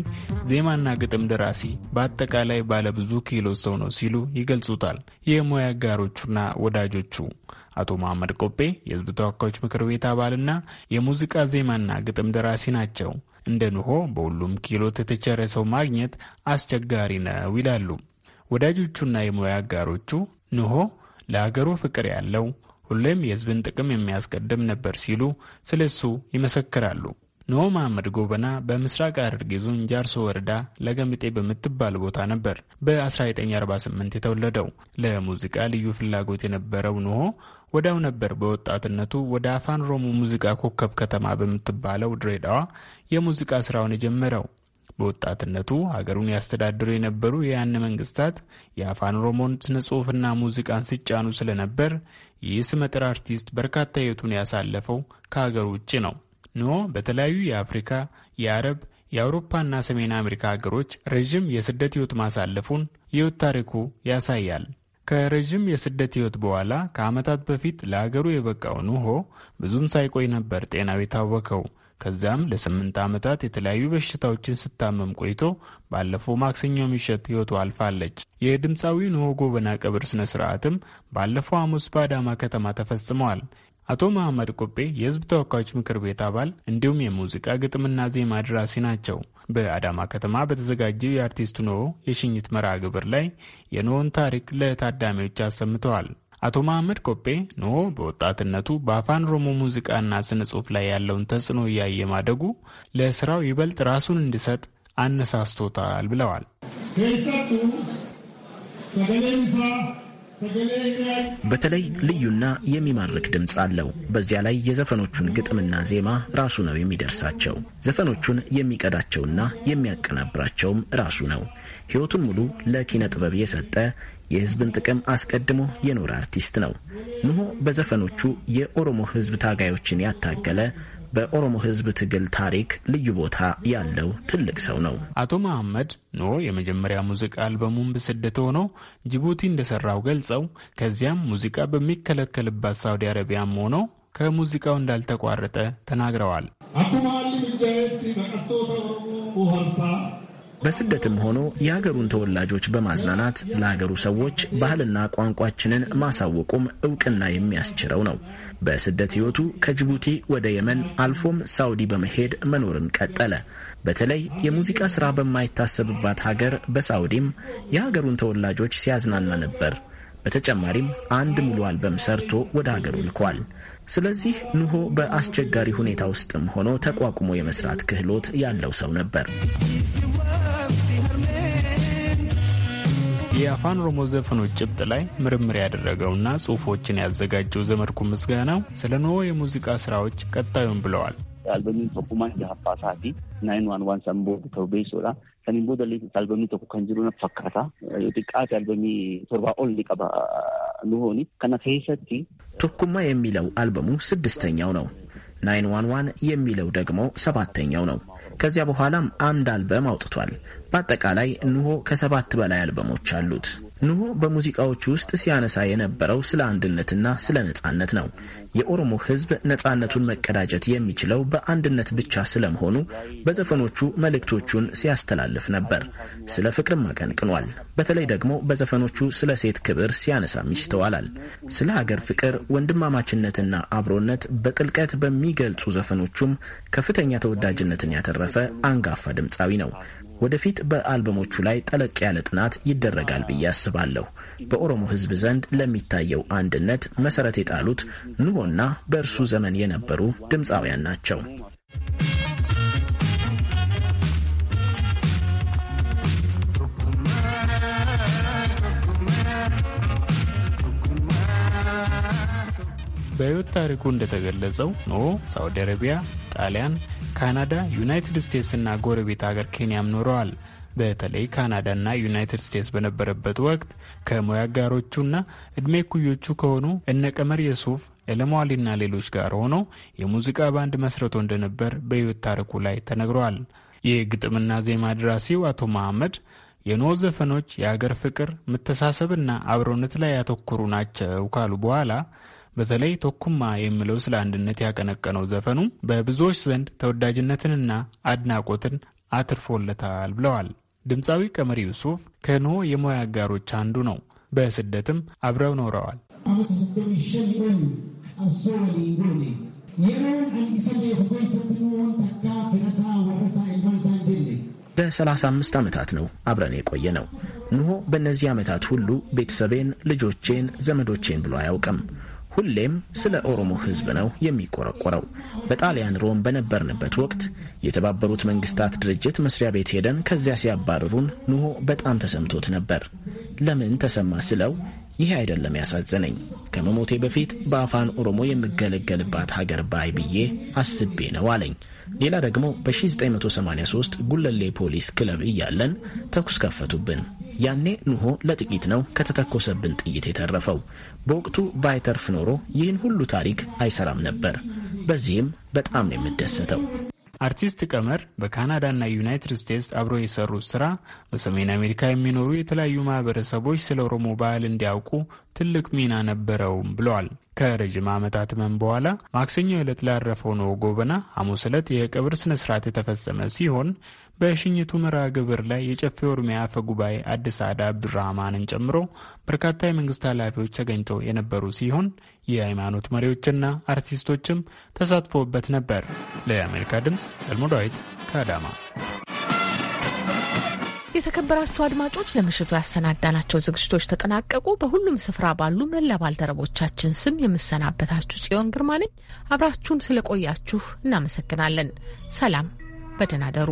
ዜማና ግጥም ደራሲ በአጠቃላይ ባለብዙ ክህሎት ሰው ነው ሲሉ ይገልጹታል የሙያ አጋሮቹና ወዳጆቹ። አቶ መሐመድ ቆጴ የህዝብ ተወካዮች ምክር ቤት አባልና የሙዚቃ ዜማና ግጥም ደራሲ ናቸው። እንደ ንሆ በሁሉም ክህሎት የተቸረ ሰው ማግኘት አስቸጋሪ ነው ይላሉ። ወዳጆቹና የሙያ አጋሮቹ ንሆ ለሀገሩ ፍቅር ያለው ሁሌም የህዝብን ጥቅም የሚያስቀድም ነበር ሲሉ ስለ እሱ ይመሰክራሉ። ኖ መሐመድ ጎበና በምስራቅ ሐረርጌ ዞን ጃርሶ ወረዳ ለገምጤ በምትባል ቦታ ነበር በ1948 የተወለደው። ለሙዚቃ ልዩ ፍላጎት የነበረው ንሆ ወዲያው ነበር በወጣትነቱ ወደ አፋን ሮሞ ሙዚቃ ኮከብ ከተማ በምትባለው ድሬዳዋ የሙዚቃ ስራውን የጀመረው። በወጣትነቱ ሀገሩን ያስተዳድሩ የነበሩ የያን መንግስታት የአፋን ሮሞን ስነ ጽሁፍና ሙዚቃን ሲጫኑ ስለነበር ይህ ስመጥር አርቲስት በርካታ ህይወቱን ያሳለፈው ከሀገር ውጭ ነው። ንሆ በተለያዩ የአፍሪካ፣ የአረብ፣ የአውሮፓና ሰሜን አሜሪካ ሀገሮች ረዥም የስደት ሕይወት ማሳለፉን የህይወት ታሪኩ ያሳያል። ከረዥም የስደት ህይወት በኋላ ከዓመታት በፊት ለሀገሩ የበቃው ንሆ ብዙም ሳይቆይ ነበር ጤናው የታወከው። ከዚያም ለስምንት ዓመታት የተለያዩ በሽታዎችን ስታመም ቆይቶ ባለፈው ማክሰኞ ምሽት ሕይወቱ አልፋለች። የድምፃዊ ንሆ ጎበና ቀብር ሥነ ሥርዓትም ባለፈው ሐሙስ በአዳማ ከተማ ተፈጽመዋል። አቶ መሐመድ ቆጴ የሕዝብ ተወካዮች ምክር ቤት አባል እንዲሁም የሙዚቃ ግጥምና ዜማ ደራሲ ናቸው። በአዳማ ከተማ በተዘጋጀው የአርቲስት ኖ የሽኝት መርሃ ግብር ላይ የኖን ታሪክ ለታዳሚዎች አሰምተዋል። አቶ መሐመድ ኮፔ ኖ በወጣትነቱ በአፋን ሮሞ ሙዚቃና ስነ ጽሑፍ ላይ ያለውን ተጽዕኖ እያየ ማደጉ ለስራው ይበልጥ ራሱን እንዲሰጥ አነሳስቶታል ብለዋል። በተለይ ልዩና የሚማርክ ድምፅ አለው። በዚያ ላይ የዘፈኖቹን ግጥምና ዜማ ራሱ ነው የሚደርሳቸው። ዘፈኖቹን የሚቀዳቸውና የሚያቀናብራቸውም ራሱ ነው። ሕይወቱን ሙሉ ለኪነ ጥበብ የሰጠ የህዝብን ጥቅም አስቀድሞ የኖረ አርቲስት ነው። ንሆ በዘፈኖቹ የኦሮሞ ህዝብ ታጋዮችን ያታገለ በኦሮሞ ህዝብ ትግል ታሪክ ልዩ ቦታ ያለው ትልቅ ሰው ነው። አቶ መሐመድ ኖ የመጀመሪያ ሙዚቃ አልበሙን በስደት ሆኖ ጅቡቲ እንደሰራው ገልጸው ከዚያም ሙዚቃ በሚከለከልባት ሳውዲ አረቢያም ሆኖ ከሙዚቃው እንዳልተቋረጠ ተናግረዋል። በስደትም ሆኖ የሀገሩን ተወላጆች በማዝናናት ለሀገሩ ሰዎች ባህልና ቋንቋችንን ማሳወቁም እውቅና የሚያስችለው ነው። በስደት ሕይወቱ ከጅቡቲ ወደ የመን አልፎም ሳውዲ በመሄድ መኖርን ቀጠለ። በተለይ የሙዚቃ ሥራ በማይታሰብባት ሀገር በሳውዲም የሀገሩን ተወላጆች ሲያዝናና ነበር። በተጨማሪም አንድ ሙሉ አልበም ሰርቶ ወደ ሀገሩ ልኳል። ስለዚህ ንሆ በአስቸጋሪ ሁኔታ ውስጥም ሆኖ ተቋቁሞ የመስራት ክህሎት ያለው ሰው ነበር። የአፋን ኦሮሞ ዘፈኖች ጭብጥ ላይ ምርምር ያደረገውና ጽሁፎችን ያዘጋጀው ዘመድኩ ምስጋናው ስለ ንሆ የሙዚቃ ስራዎች ቀጣዩን ብለዋል። አልበሚ ቶኩማ ሀፋሳቲ ናይን ዋን ዋን ሰምቦ ተውቤሶላ ከኒን ቦደ አልበሚ ቶኩ ከንጅሩ ነፈካታ ጥቃት አልበሚ ቶርባ ኦል ሊቀባ ሉሆኒ ከና ከሂሰቲ ቱኩማ የሚለው አልበሙ ስድስተኛው ነው። ናይን ዋን ዋን የሚለው ደግሞ ሰባተኛው ነው። ከዚያ በኋላም አንድ አልበም አውጥቷል። በአጠቃላይ እንሆ ከሰባት በላይ አልበሞች አሉት። ንሆ በሙዚቃዎቹ ውስጥ ሲያነሳ የነበረው ስለ አንድነትና ስለ ነጻነት ነው። የኦሮሞ ሕዝብ ነጻነቱን መቀዳጀት የሚችለው በአንድነት ብቻ ስለመሆኑ በዘፈኖቹ መልእክቶቹን ሲያስተላልፍ ነበር። ስለ ፍቅርም አቀንቅኗል። በተለይ ደግሞ በዘፈኖቹ ስለ ሴት ክብር ሲያነሳም ይስተዋላል። ስለ ሀገር ፍቅር፣ ወንድማማችነትና አብሮነት በጥልቀት በሚገልጹ ዘፈኖቹም ከፍተኛ ተወዳጅነትን ያተረፈ አንጋፋ ድምፃዊ ነው። ወደፊት በአልበሞቹ ላይ ጠለቅ ያለ ጥናት ይደረጋል ብዬ አስባለሁ። በኦሮሞ ሕዝብ ዘንድ ለሚታየው አንድነት መሰረት የጣሉት ንሆና በእርሱ ዘመን የነበሩ ድምፃውያን ናቸው። በሕይወት ታሪኩ እንደተገለጸው ኖ ሳውዲ አረቢያ፣ ጣሊያን ካናዳ፣ ዩናይትድ እና ጎረቤት አገር ኬንያም ኖረዋል። በተለይ ካናዳና ዩናይትድ ስቴትስ በነበረበት ወቅት ከሙያ አጋሮቹና እድሜ ኩዮቹ ከሆኑ እነ ቀመር የሱፍ ኤለማዋሊና ሌሎች ጋር ሆኖ የሙዚቃ ባንድ መስረቶ እንደነበር በሕይወት ታሪኩ ላይ ተነግሯል። የግጥምና ዜማ ደራሲው አቶ መሐመድ የኖ ዘፈኖች የአገር ፍቅር፣ መተሳሰብና አብሮነት ላይ ያተኮሩ ናቸው ካሉ በኋላ በተለይ ቶኩማ የሚለው ስለ አንድነት ያቀነቀነው ዘፈኑ በብዙዎች ዘንድ ተወዳጅነትንና አድናቆትን አትርፎለታል ብለዋል። ድምፃዊ ቀመር ዩሱፍ ከኖ የሙያ አጋሮች አንዱ ነው። በስደትም አብረው ኖረዋል። በ35 ዓመታት ነው አብረን የቆየ ነው። ንሆ በእነዚህ ዓመታት ሁሉ ቤተሰቤን፣ ልጆቼን፣ ዘመዶቼን ብሎ አያውቅም። ሁሌም ስለ ኦሮሞ ህዝብ ነው የሚቆረቆረው። በጣሊያን ሮም በነበርንበት ወቅት የተባበሩት መንግስታት ድርጅት መስሪያ ቤት ሄደን ከዚያ ሲያባረሩን ንሆ በጣም ተሰምቶት ነበር። ለምን ተሰማ ስለው ይህ አይደለም ያሳዘነኝ፣ ከመሞቴ በፊት በአፋን ኦሮሞ የምገለገልባት ሀገር ባይ ብዬ አስቤ ነው አለኝ። ሌላ ደግሞ በ1983 ጉለሌ ፖሊስ ክለብ እያለን ተኩስ ከፈቱብን። ያኔ ንሆ ለጥቂት ነው ከተተኮሰብን ጥይት የተረፈው። በወቅቱ ባይተርፍ ኖሮ ይህን ሁሉ ታሪክ አይሰራም ነበር። በዚህም በጣም ነው የምደሰተው። አርቲስት ቀመር በካናዳና ዩናይትድ ስቴትስ አብሮ የሰሩት ስራ በሰሜን አሜሪካ የሚኖሩ የተለያዩ ማህበረሰቦች ስለ ኦሮሞ ባህል እንዲያውቁ ትልቅ ሚና ነበረውም ብለዋል። ከረዥም ዓመታት መን በኋላ ማክሰኞ ዕለት ላረፈው ነው ጎበና ሐሙስ ዕለት የቅብር ስነ ስርዓት የተፈጸመ ሲሆን በሽኝቱ መርሃ ግብር ላይ የጨፌ ኦሮሚያ አፈ ጉባኤ አዲስ አዳ አብዱራህማንን ጨምሮ በርካታ የመንግስት ኃላፊዎች ተገኝተው የነበሩ ሲሆን የሃይማኖት መሪዎችና አርቲስቶችም ተሳትፎበት ነበር። ለአሜሪካ ድምፅ ገልሞ ከአዳማ። የተከበራችሁ አድማጮች ለምሽቱ ያሰናዳናቸው ዝግጅቶች ተጠናቀቁ። በሁሉም ስፍራ ባሉ መላ ባልደረቦቻችን ስም የምሰናበታችሁ ጽዮን ግርማ ነኝ። አብራችሁን ስለቆያችሁ እናመሰግናለን። ሰላም በደህና ደሩ።